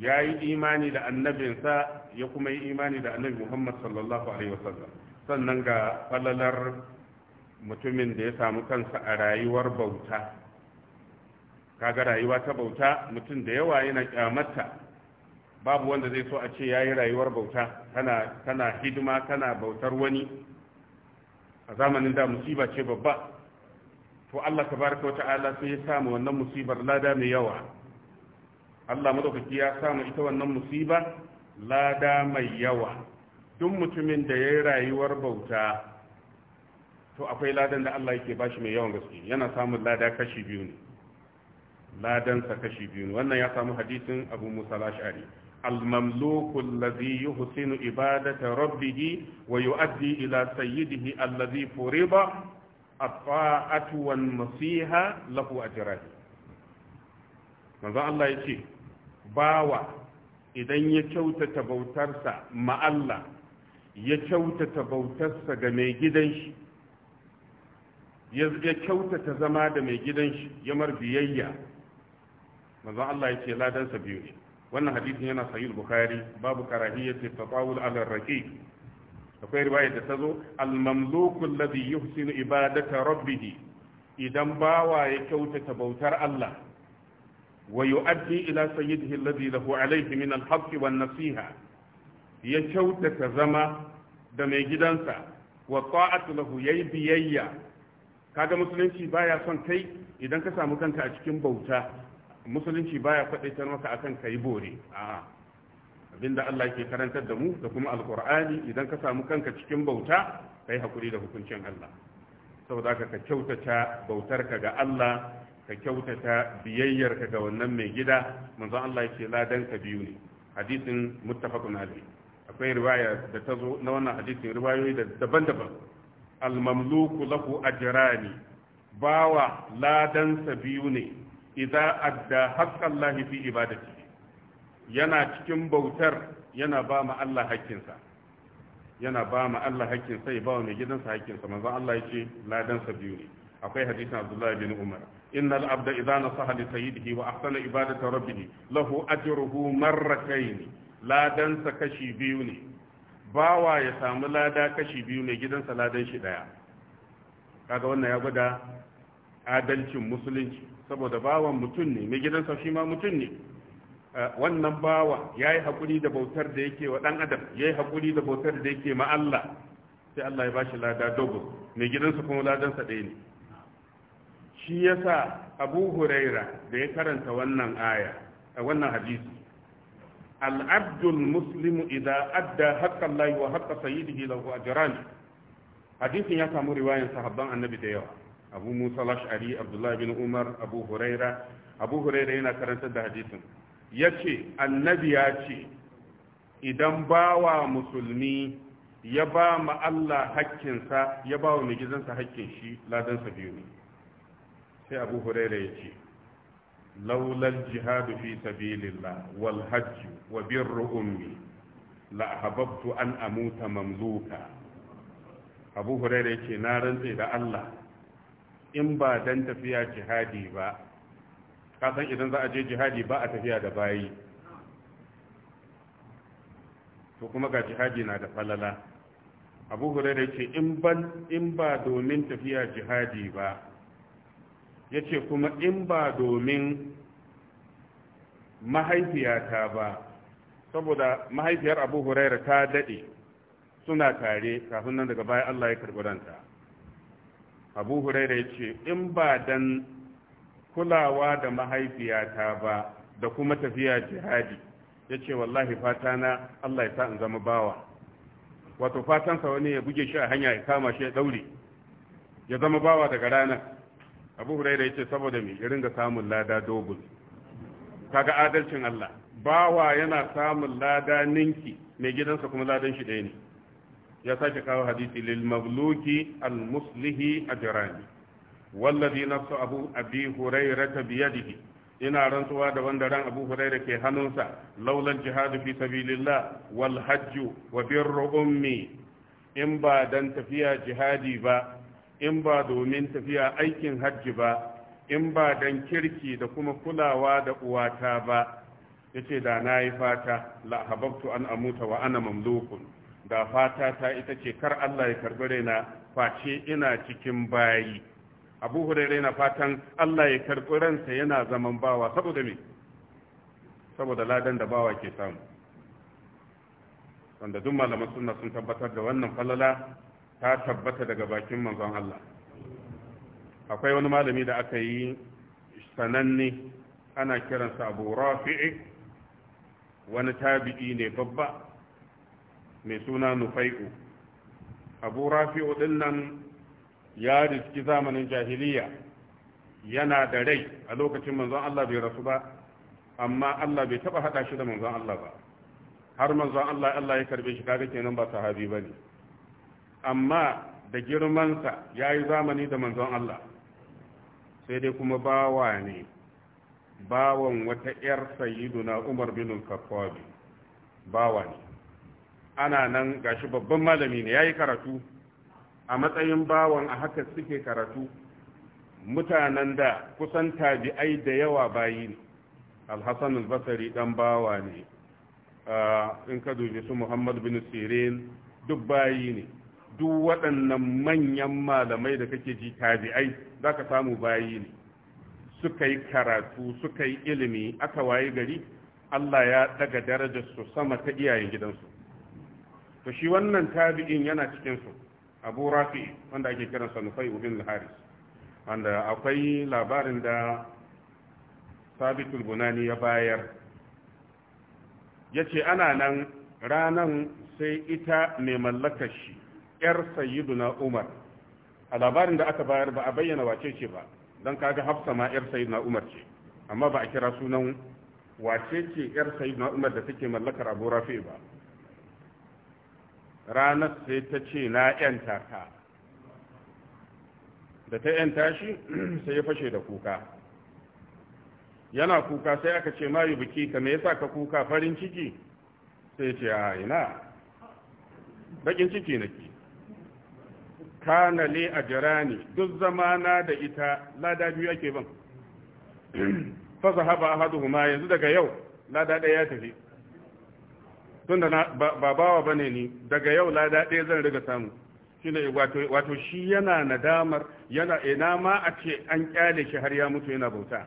ya yi imani da annabinsa ya kuma yi imani da annabi muhammad sallallahu alaihi wasallam sannan ga falalar mutumin da ya samu kansa a rayuwar bauta kaga rayuwa ta bauta mutum da yawa yana kyamata babu wanda zai so a ce ya yi rayuwar bauta kana hidima kana bautar wani a zamanin da musiba ce babba to allah baraka wa ta'ala sai ya samu wannan musibar lada mai yawa Allah madaukaki ya samu ita wannan musiba lada mai yawa duk mutumin da ya yi rayuwar bauta to akwai ladan da Allah yake bashi mai yawan gaske yana samun lada kashi biyu ne ladansa kashi biyu ne wannan ya samu hadisin abu musa al-ash'ari المملوك الذي يحسن عبادة ربه ويؤدي إلى سيده الذي فرض الطاعة والنصيحة له أجران ماذا الله يقول bawa idan ya kyautata bautarsa ma'alla ya kyautata bautarsa ga mai gidan shi ya kyautata zama da mai gidan shi ya mar biyayya manzon Allah ya ce ladansa biyu ne wannan hadisin yana sahih bukhari babu ce karahiyyati tatawul ala raqiq akwai riwaya da tazo al mamluku alladhi yuhsinu ibadata rabbih idan bawa ya kyautata bautar Allah wa yu'addi ila sayyidihi alladhi lahu alayhi min al wan nasiha ya kyautata zama da mai gidansa wa ta'atu lahu yayi biyayya kaga musulunci baya son kai idan ka samu kanka a cikin bauta musulunci baya faɗaitar maka akan kai bore a'a abinda Allah ke karantar da mu da kuma alqur'ani idan ka samu kanka cikin bauta kai hakuri da hukuncin Allah saboda ka kyautata bautarka ga Allah ka kyautata biyayyarka ga wannan mai gida manzon Allah ya ce ladan ka biyu ne hadisin muttafaqun alayhi akwai riwaya da ta zo na wannan hadisin riwayoyi da daban-daban al-mamluku lahu ajrani bawa ladansa biyu ne idza adda haqqallahi fi ibadati yana cikin bautar yana ba ma Allah hakkinsa yana ba ma Allah hakkin sai ba wa mai gidansa hakkinsa manzon Allah ya ce ladansa biyu ne akwai hadisin Abdullahi bin Umar إن العبد إذا نصح لسيده وأحسن عبادة ربه له أجره مرتين لا دنس كشي بيوني باوا سامي لا دا كشي بيوني جدا لا دنش دايا kaga wannan ya gwada adalcin musulunci saboda bawan mutum ne mai gidansa shi ma mutum ne eh, wannan bawa ya yi haƙuri da bautar da yake wa ɗan adam ya yi haƙuri da bautar da yake ma Allah sai Allah ya bashi lada dogo mai gidansa kuma ladansa ɗaya ne shi yasa abu huraira da ya karanta wannan aya a wannan hadisi al'abdul muslimu idan adda haƙƙan layi wa haƙƙa sayyidihi lahu ajran hadisin ya samu riwayan sahabban annabi da yawa abu musa lash'ari abdullahi bin umar abu huraira abu huraira yana karanta da hadisin ya ce annabi ya ce idan bawa musulmi ya ba ma Allah hakkinsa ya ba wa mai hakkin shi ladansa biyu ne sai abu huraira ya ce laulal jihadu fi sabilillah wal hajj wa birru ummi la hababtu an amuta mamluka abu huraira ya ce na rantse da Allah in ba dan tafiya jihadi ba kasan idan za a je jihadi ba a tafiya da bayi to kuma ga jihadi na da falala abu ya ce in ba domin tafiya jihadi ba ya ce kuma in ba domin mahaifiyata ba saboda mahaifiyar abu huraira ta daɗe suna tare kafin nan daga baya allah ya karɓi ranta abu huraira ya ce in ba dan kulawa da mahaifiyata ba da kuma tafiya jihadi ya ce wallahi na allah ya sa in zama bawa wato fatansa wani ya buge shi a hanya ya kama shi ya ɗaure ya zama bawa daga ranar abu huraira yace saboda mai irin ga samun lada dogul kaga adalcin Allah bawa yana samun lada ninki mai gidansa kuma ladan shi ɗaya ne ya sake kawo hadisi lil mabluki al muslihi ajrani wallazi nafsu abu abi hurairata biyadihi ina rantsuwa da wanda ran abu huraira ke hannunsa laulan jihadu fi sabilillah wal hajju wa birru ummi in ba dan tafiya jihadi ba in ba domin tafiya aikin hajji ba in ba dan kirki da kuma kulawa da uwata ba yace da na yi fata la an amuta wa ana mamlukun da fata ta ita ce kar Allah ya karbi raina face ina cikin bayi abu hurairu na fatan Allah ya karbi ransa yana zaman bawa saboda me saboda ladan da bawa ke samu wanda duk malaman sunna sun tabbatar da wannan falala ta tabbata daga bakin manzon Allah akwai wani malami da aka yi sananne ana kiransa abu rafi'i wani tabi'i ne babba mai suna nufai'u abu rafi'u din nan ya riski zamanin jahiliya yana da rai a lokacin manzon Allah bai rasu ba amma Allah bai taba hada shi da manzon Allah ba har manzon Allah Allah ya karbe shi kaga kenan ba sahabi bane amma da girmansa ya yi zamani da manzon Allah sai dai kuma bawa ne bawan wata 'yar na umar bin kakwabi bawa ne ana nan gashi babban malami ne ya yi karatu a matsayin bawan a haka suke karatu mutanen da kusan tabi'ai da yawa bayi ne alhassan albasari dan bawa ne ah, in ka dubi su muhammad bin sirin duk bayi ne duk waɗannan manyan malamai da kake ji tabi'ai za ka samu bayi ne suka yi karatu suka yi ilimi aka waye gari Allah ya daga darajar su sama ta iyayen gidansu to shi wannan tabi'in yana cikin su Abu Rafi wanda ake kiransa Nufai ibn Haris wanda akwai labarin da Sabitul Bunani ya bayar yace ana nan ranan sai ita mai mallakar shi yar sayyiduna umar a labarin da aka bayar ba a bayyana wace ce ba don kaga hafsa ma yar sayyiduna umar ce amma ba a kira sunan wace ce yar sayyiduna umar da take mallakar abu rafi ba ranar sai ta ce na yanta ka da ta yanta shi sai ya fashe da kuka yana kuka sai aka ce mayu biki ka me yasa ka kuka farin ciki sai ce a ina bakin ciki nake kana jira ne duk zamana da ita lada biyu ake ban a haɗu, ahaduhuma yanzu daga yau lada ɗaya ya tafi tun na ba bawa ne ni daga yau lada ɗaya zan riga samu shine wato wato shi yana nadamar yana ina ma a ce an kyale shi har ya mutu yana bauta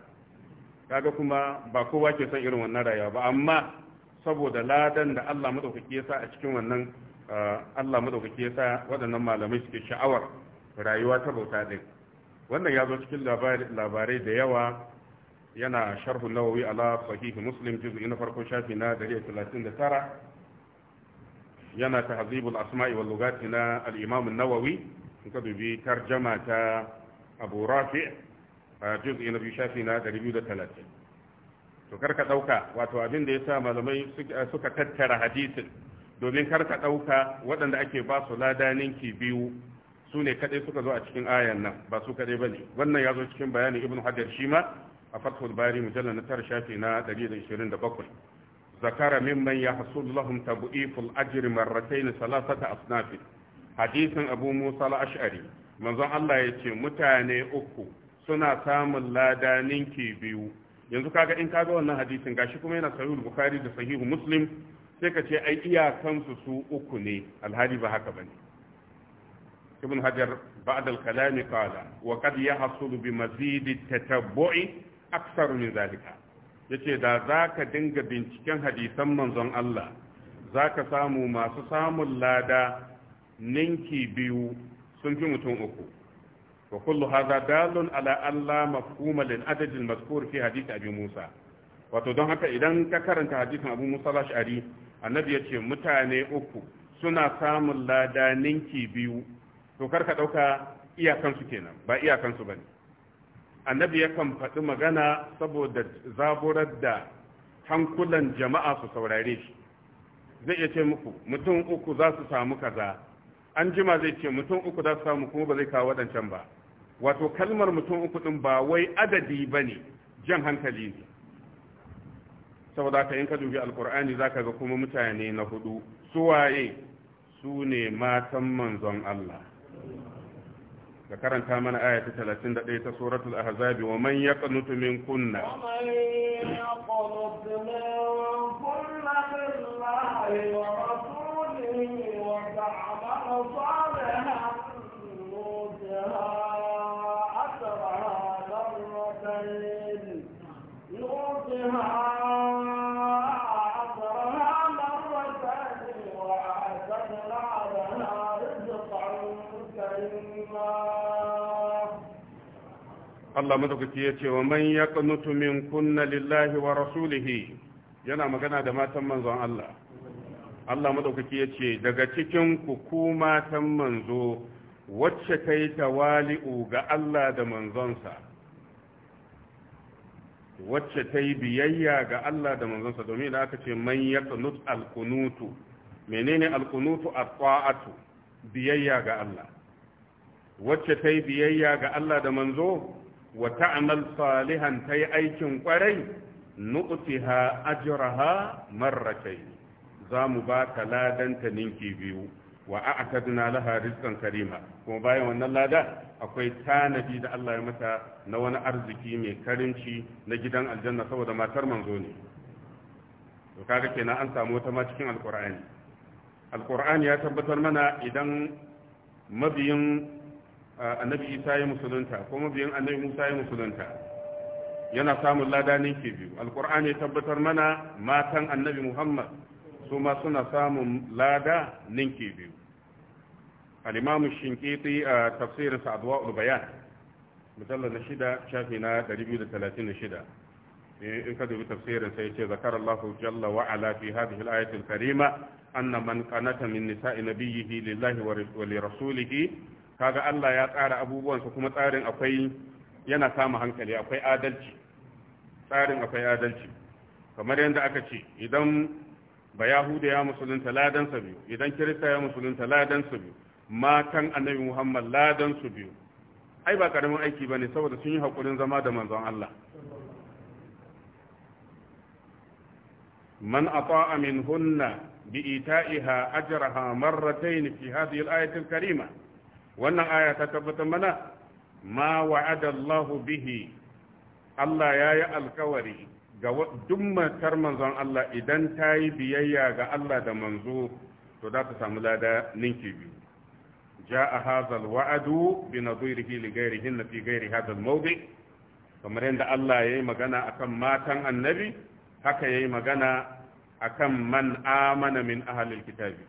kaga kuma ba kowa ke son irin wannan rayuwa ba amma saboda ladan da Allah madaukake ya sa a cikin wannan Ah, Allah madaukaki ya sa waɗannan malamai suke sha'awar rayuwa ta bauta ɗin wannan ya zo cikin labarai da yawa yana sharhu nawawi ala sahihi muslim na farko shafi na 139 yana tahzibul asma'i wal lugati na al-imam nawawi in ka dubi tarjama ta abu rafi a juz'i na biyu shafi na 230 to karka dauka wato abin da sa malamai suka tattara hadisin domin kar ka ɗauka waɗanda ake ba su lada biyu su ne kaɗai suka zo a cikin ayan nan ba su kaɗai ba ne wannan ya zo cikin bayanin ibn hajar shi ma a fathul bari mujalla na tara shafi na 127 zakara mimman ya hasulu lahum tabu'iful ajri marratayn salasata asnaf hadisin abu musa al-ash'ari manzon Allah ya ce mutane uku suna samun ladaninki biyu yanzu kaga in kaga wannan hadisin gashi kuma yana sahihul bukhari da sahihu muslim sai ka ce ai iyakansu su uku ne alhali ba haka bane ibn hajar ba'da al-kalami qala wa qad yahsulu bi mazid at-tatabbu'i akthar min zalika yace da zaka dinga binciken hadisan manzon Allah zaka samu masu samun lada ninki biyu sun fi mutum uku wa kullu hadha dalun ala alla mafhuma lil adad al-mazkur fi hadith abi Musa wato don haka idan ka karanta hadisin abu musa ash'ari annabi ya ce mutane uku suna samun lada ninki biyu to kar ka ɗauka iyakansu kenan ba iyakansu ba ne annabi yakan faɗi magana saboda zaburar da hankulan jama'a su saurare shi zai iya ce muku mutum uku za su samu kaza an jima zai ce mutum uku za su samu kuma ba zai kawo waɗancan ba wato kalmar mutum uku ɗin ba wai adadi ba ne jan hankali ne saboda ka in ka dubi alkur'ani ka ga kuma mutane na hudu su waye su ne matan manzon Allah ka karanta mana aya ta 31 ta suratul ahzab wa man yaqnutu min kunna Yeah. Allah madaukaki ya ce wa man yaqnutu min kunna lillahi wa rasulihi yana magana da matan manzon Allah Allah madaukaki ya ce daga cikin ku ku matan manzo wacce ta yi tawali'u ga Allah da manzonsa wacce ta yi biyayya ga Allah da manzonsa domin da aka ce man yaqnut alqunutu menene alqunutu a taatu biyayya ga Allah wacce ta yi biyayya ga Allah da manzo wa ta'mal salihan ta yi aikin kwarai ha, ajraha marratayn za mu ba ka ladanta ninki biyu wa a'tadna laha rizqan karima kuma bayan wannan lada akwai tanadi da Allah ya mata na wani arziki mai karimci na gidan aljanna saboda matar manzo ne to kaga kenan an samu wata ma cikin alqur'ani alqur'ani ya tabbatar mana idan mabiyin annabi isa ya musulunta kuma biyan annabi musa ya musulunta yana samun lada ne ke biyu alkur'ani ya tabbatar mana matan annabi muhammad su ma suna samun lada ninki biyu al'imamu shinkiti a tafsirin sa'adwa ulbayan mujallar na shida shafi na 236 eh, in ka dubi tafsirin sai ce zakar allahu jalla wa ala fi hadhihi al-ayati al-karima anna man qanata min nisa'i nabiyhi lillahi wa li rasulihi kaga Allah ya tsara abubuwansa kuma tsarin akwai yana samun hankali akwai adalci tsarin akwai adalci kamar yadda aka ce idan ba yahuda ya musulunta ladan sa biyu idan kirista ya musulunta ladan sa biyu matan annabi muhammad ladan su biyu ai ba karamin aiki ba ne saboda sun yi hakurin zama da manzon Allah man ata'a minhunna bi ita'iha ajraha marratayn fi hadhihi al-ayati al-karima wannan aya ta tabbata mana ma wa'ada Allah bihi Allah ya yi alkawari ga duk matar manzon Allah idan ta yi biyayya ga Allah da manzo to za ta samu lada ninki biyu wa'adu هذا الوعد بنظيره لغيرهن في غير هذا الموضع kamar yadda Allah ya yi magana a kan matan annabi haka ya yi magana a kan man amana min kitabi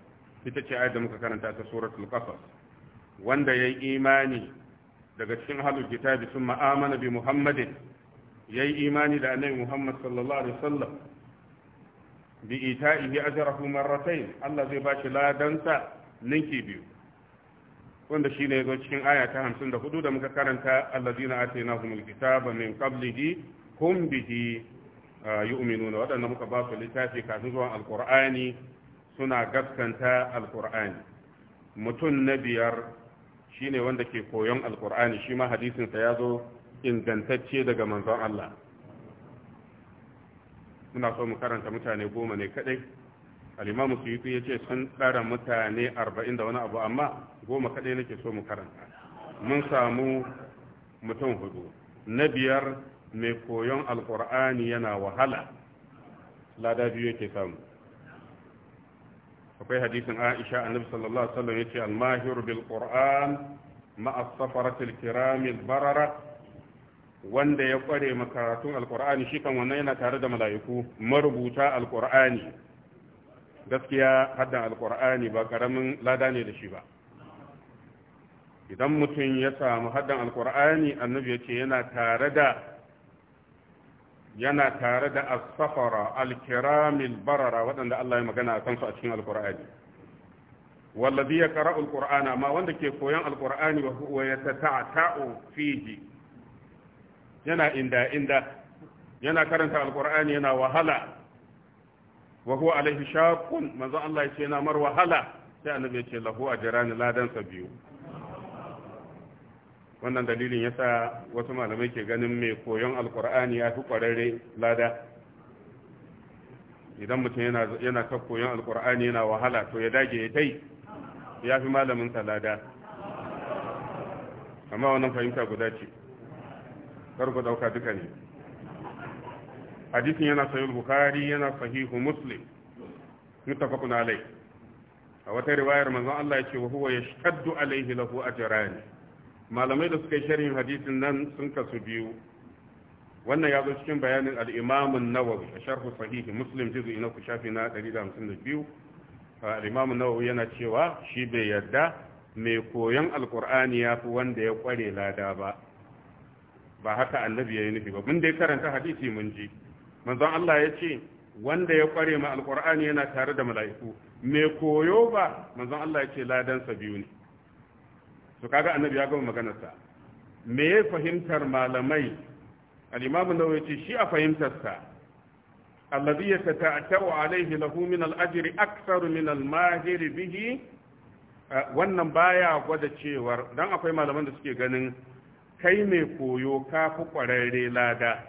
ita ce ayat da muka karanta ta suratul qasas wanda ya yi imani daga cikin halin kitabi sun ma'amana bi muhammadin ya yi imani da annabi muhammad sallallahu alaihi wasallam bi ita'ihi ajrahu marratayn Allah zai bashi ladansa ninki biyu wanda shine yazo cikin aya ta 54 da muka karanta allazina atainahumul kitaba min qablihi hum bihi yu'minuna waɗanda muka ba su littafi kafin zuwan alkur'ani suna gaskanta alkur'ani mutum na biyar Shi ne wanda ke koyon alkur'ani shi ma hadisinsa ya zo ingantacce daga manzon Allah muna so mu karanta mutane goma ne kadai alimamu suyutu ya ce sun tsara mutane arba'in da wani abu amma goma kadai nake so mu karanta mun samu mutum hudu na biyar mai koyon alkur'ani yana wahala lada biyu yake samu akwai hadisin Aisha annabi sallallahu alaihi wasallam yace al-mahir bil Qur'an ma'a safaratil kiramil barara wanda ya kware makaratun al-qur'ani shi kan wannan yana tare da mala'iku marubuta al al-qur'ani gaskiya haddan al-qur'ani ba karamin lada ne da shi ba idan mutum ya samu haddan al-qur'ani annabi yace yana tare da yana tare da asafara safara al-kiramil barara waɗanda Allah ya magana a kansu a cikin alkur'ani wallazi yaqra'u alqur'ana ma wanda ke koyan alqur'ani wa huwa yatata'u fihi yana inda inda yana karanta alqur'ani yana wahala wa huwa alaihi shaqqun manzo Allah ya ce yana mar wahala sai annabi ya ce lahu ajran ladan sa biyu wannan dalilin ya sa wasu malamai ke ganin mai koyon alkur'ani ya fi kwararre lada idan mutum yana ta koyon alkur'ani yana wahala to ya dage ya tai ya fi malamin lada amma wannan fahimta guda ce kar ku dauka duka ne hadisin yana sahih bukhari yana sahihu muslim muttafaqun alai a wata riwayar manzon Allah ya ce wa huwa yashtaddu alaihi lahu ajrani malamai da suka yi sharhin hadisin nan sun kasu biyu wannan ya zo cikin bayanin al'imamun nawawi a sharhu sahihi muslim jizu ina ku shafi na 152 al'imamun nawawi yana cewa shi bai yarda mai koyon alkur'ani ya fi wanda ya kware lada ba ba haka annabi ya yi nufi ba mun dai karanta hadisi mun ji manzon Allah ya ce wanda ya kware ma alkur'ani yana tare da mala'iku mai koyo ba manzon Allah ya ce ladansa biyu ne to kaga annabi ya gama maganarsa me ya fahimtar malamai al-imam nawawi ce shi a fahimtarsa alladhi yatata'ta'u alayhi lahu min al-ajri aktharu min al-mahir bihi wannan baya gwada cewar dan akwai malaman da suke ganin kai mai koyo kafi kwararre lada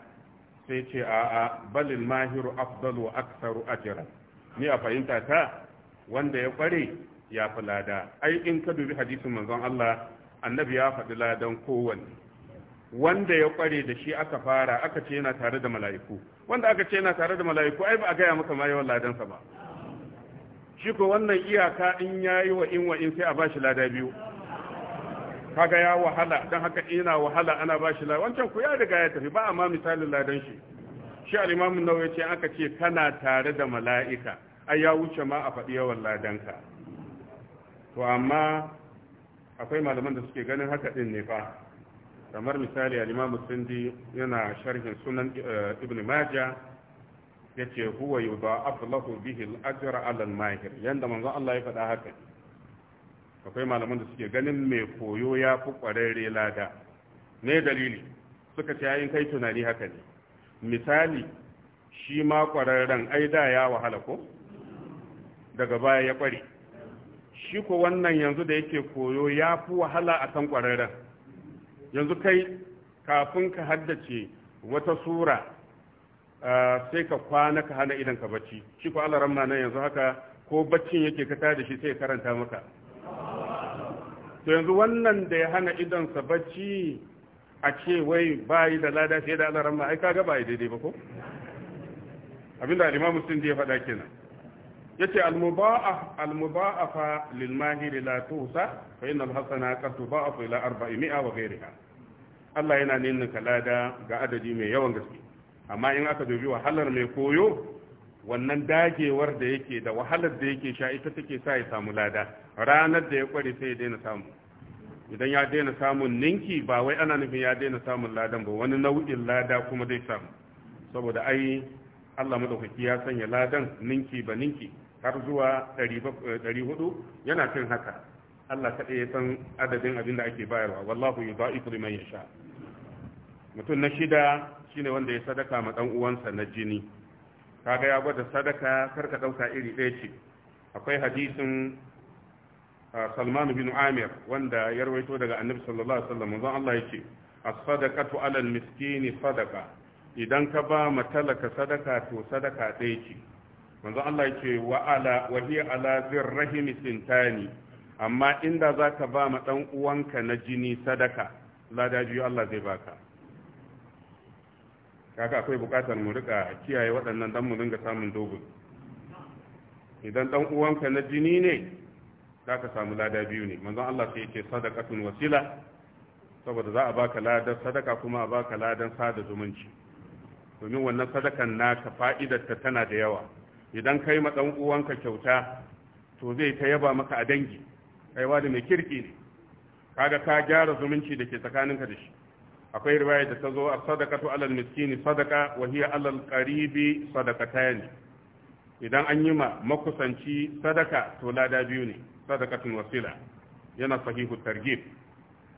sai ce a'a balil mahiru afdalu aktharu ajran ni a fahimta ta wanda ya kware ya fi lada ai in ka dubi hadisin manzon Allah annabi ya faɗi ladan kowanne wanda ya kware da shi aka fara aka ce yana tare da mala'iku wanda aka ce yana tare da mala'iku ai ba a gaya maka ma yawan ladansa ba shi ko wannan iyaka in yayi wa in wa in sai a ba shi lada biyu kaga ya wahala don haka ina wahala ana ba shi wancan ku ya riga ya tafi ba amma misalin ladan shi shi al-imamu nawawi ce aka ce kana tare da mala'ika ai ya wuce ma a faɗi yawan ladanka to amma akwai malaman da suke ganin haka din ne fa kamar misali al-imam sindi yana sharhin sunan eh, ibn majah yace huwa yudha'af lahu bihi al-ajr 'ala al-mahir yanda manzo Allah ya faɗa haka akwai malaman da suke ganin mai koyo ya fi ƙwararre lada ne dalili suka ce yayin kai tunani haka ne misali shi ma ƙwararren ai da ya wahala ko daga baya ya ƙware shi ko wannan yanzu da yake koyo ya fi wahala a kan ƙwararren yanzu kai kafin ka haddace wata sura sai ka kwana ka hana idan ka bacci shi ko Allah ramma nan yanzu haka ko baccin yake ka tada shi sai ya karanta maka to yanzu wannan da ya hana idan sa bacci a ce wai bayi da lada sai da Allah ramma ai kaga bayi daidai ba ko abinda alimamu sun je faɗa kenan yace al-muba'af al-muba'afa lil mahiri la tusa fa innal hasana qad ila 400 wa ghayriha Allah yana ka lada ga adadi mai yawan gaske amma in aka dubi wahalar mai koyo wannan dagewar da yake da wahalar da yake sha ita take sa ya samu lada ranar da ya kware sai ya daina samu idan ya daina samun ninki ba wai ana nufin ya daina samun ladan ba wani nau'in lada kuma zai samu saboda ai Allah madaukaki ya sanya ladan ninki ba ninki har zuwa 400 eh, yana cin haka Allah kaɗai ya san adadin abin da ake bayarwa wallahu yudha'ifu liman yasha mutum na shida shine wanda ya sadaka ma dan uwansa na jini kaga ya gwada sadaka karka ɗauka iri ɗaya ce akwai hadisin Salman bin Amir wanda ya rawaito daga Annabi sallallahu alaihi wasallam manzon Allah yake as-sadaqatu 'ala al-miskini sadaqa idan ka ba ma talaka sadaka to sadaka ɗaya ce manzo Allah yake wa ala wa hiya ala sintani amma inda zaka ba ma dan uwanka na jini sadaka ladaji Allah zai baka kaka akwai bukatar mu rika kiyaye waɗannan dan mu dinga samun dogon idan dan uwanka na jini ne zaka samu lada biyu ne manzo Allah sai yake sadaqatun wasila saboda za a baka ladan sadaka kuma a baka ladan sada zumunci domin wannan sadakan naka fa'idar ta tana da yawa idan kai ma dan uwanka kyauta to zai ta yaba maka a dangi kaiwa da mai kirki ne kaga ka gyara zumunci da ke tsakaninka da shi akwai riwaya da ta zo a sadaqatu alal miskini sadaqa wa hiya alal qaribi sadaqatan idan an yi ma makusanci sadaka to lada biyu ne sadaqatun wasila yana sahihu targhib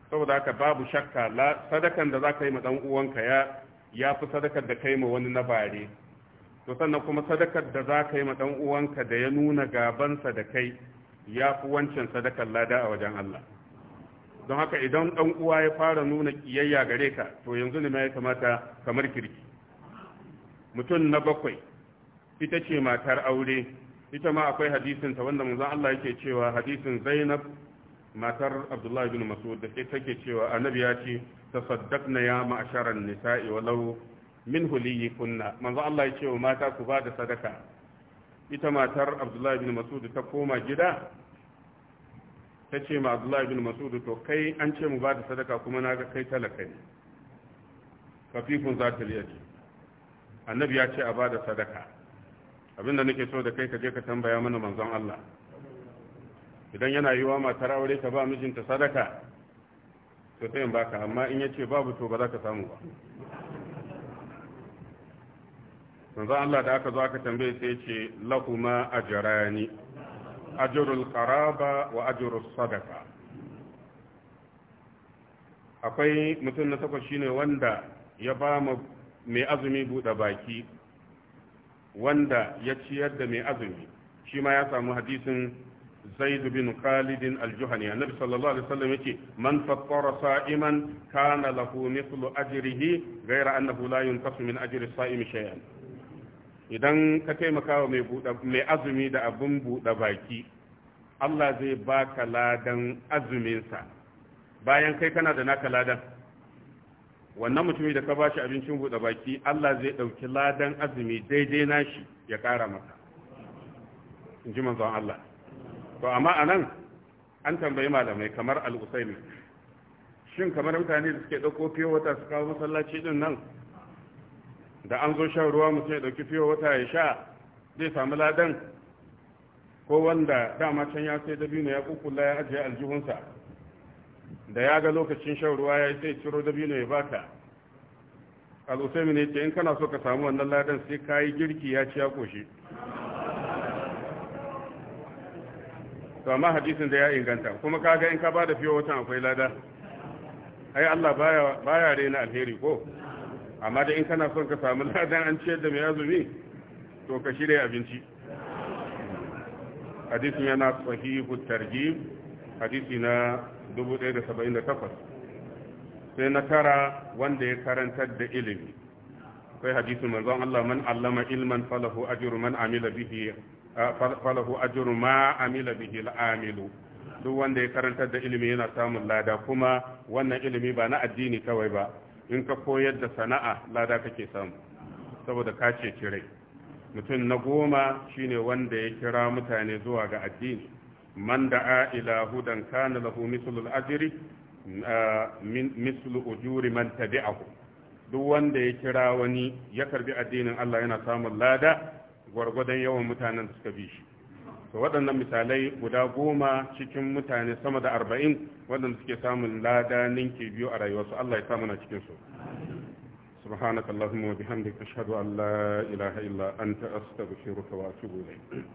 saboda haka babu shakka sadakan da zaka yi ma dan uwanka ya ya fi sadakar da kai ma wani na bare to sannan kuma sadakar da za ka yi ma dan uwanka da ya nuna gabansa da kai ya fi wancan sadakar lada a wajen Allah don haka idan ɗan uwa ya fara nuna ƙiyayya gare ka to yanzu ne ma ya kamata kamar kirki mutum na bakwai ita ce matar aure ita ma akwai hadisinta ta wanda manzon Allah yake cewa hadisin Zainab matar Abdullahi bin Mas'ud da take cewa annabi ya ce tasaddaqna ya ma'asharan nisa'i walau min huliyi kunna manzo Allah ya ce wa mata ku ba da sadaka ita matar Abdullahi bin Mas'ud ta koma gida ta ce ma Abdullahi bin Mas'ud to kai an ce mu ba da sadaka kuma na ga kai talaka ne kafifun za ta ce annabi ya ce a ba da sadaka abinda nake so da kai ka je ka tambaya mana manzon Allah idan yana yiwa matar aure ta ba mijinta sadaka to sai in baka amma in yace babu to ba za ka samu ba manzo Allah da aka zo aka tambaye sai ce lahuma ajrani ajrul qaraba wa ajrus sadaqa akwai mutum na takwas shine wanda ya ba mai azumi buɗe baki wanda ya ciyar da mai azumi shima ya samu hadisin zaidubin bin khalid al-juhani annabi sallallahu alaihi wasallam yake man fattara sa'iman kana lahu mithlu ajrihi ghayra annahu la yunqasu min ajri sa'imi shay'an idan ka taimaka wa mai azumi da abin buɗe baki Allah zai baka ladan azuminsa bayan kai kana da naka ladan wannan mutumin da ka ba shi abincin buɗe baki Allah zai ɗauki ladan azumi daidai nashi ya ƙara masa. in ji manzon Allah to amma a nan an tambayi malamai kamar al'usaini shin kamar mutane da suke ɗauko fiye wata su kawo masallaci ɗin nan da an zo shan ruwa mutum ya ɗauki fiye wata ya sha zai samu ladan ko wanda dama can ya sai dabino ya kukula ya ajiye aljihunsa da ya ga lokacin shan ruwa ya sai ciro dabino ya baka al'usaimi ne ce in kana so ka samu wannan ladan sai ka yi girki ya ci ya koshi to amma hadisin da ya inganta kuma ka ga in ka ba da fiye watan akwai lada ai Allah baya rena alheri ko amma da in kana son ka samu ladan an ciyar da mai azumi to ka shirya abinci hadisi yana sahihu tarjib hadisi na 1078 sai na tara wanda ya karantar da ilimi sai hadisin manzon Allah man allama ilman falahu ajru man amila bihi falahu ajru ma amila bihi al-amilu duk wanda ya karantar da ilimi yana samun lada kuma wannan ilimi ba na addini kawai ba in ka koyar da sana'a lada kake samu saboda ka ce rai mutum na goma shine wanda ya kira mutane zuwa ga addini man da'a ila hudan kana lahu mislul ajri mislu ujuri man tabi'ahu duk wanda ya kira wani ya karbi addinin Allah yana samun lada gwargwadon yawan mutanen da suka bi shi waɗannan misalai guda goma cikin mutane sama da arba'in waɗanda suke samun lada ninki biyu a rayuwarsu Allah ya sa mana cikin su subhanakallahumma wa bihamdika ashhadu an la ilaha illa anta astaghfiruka wa atubu ilayk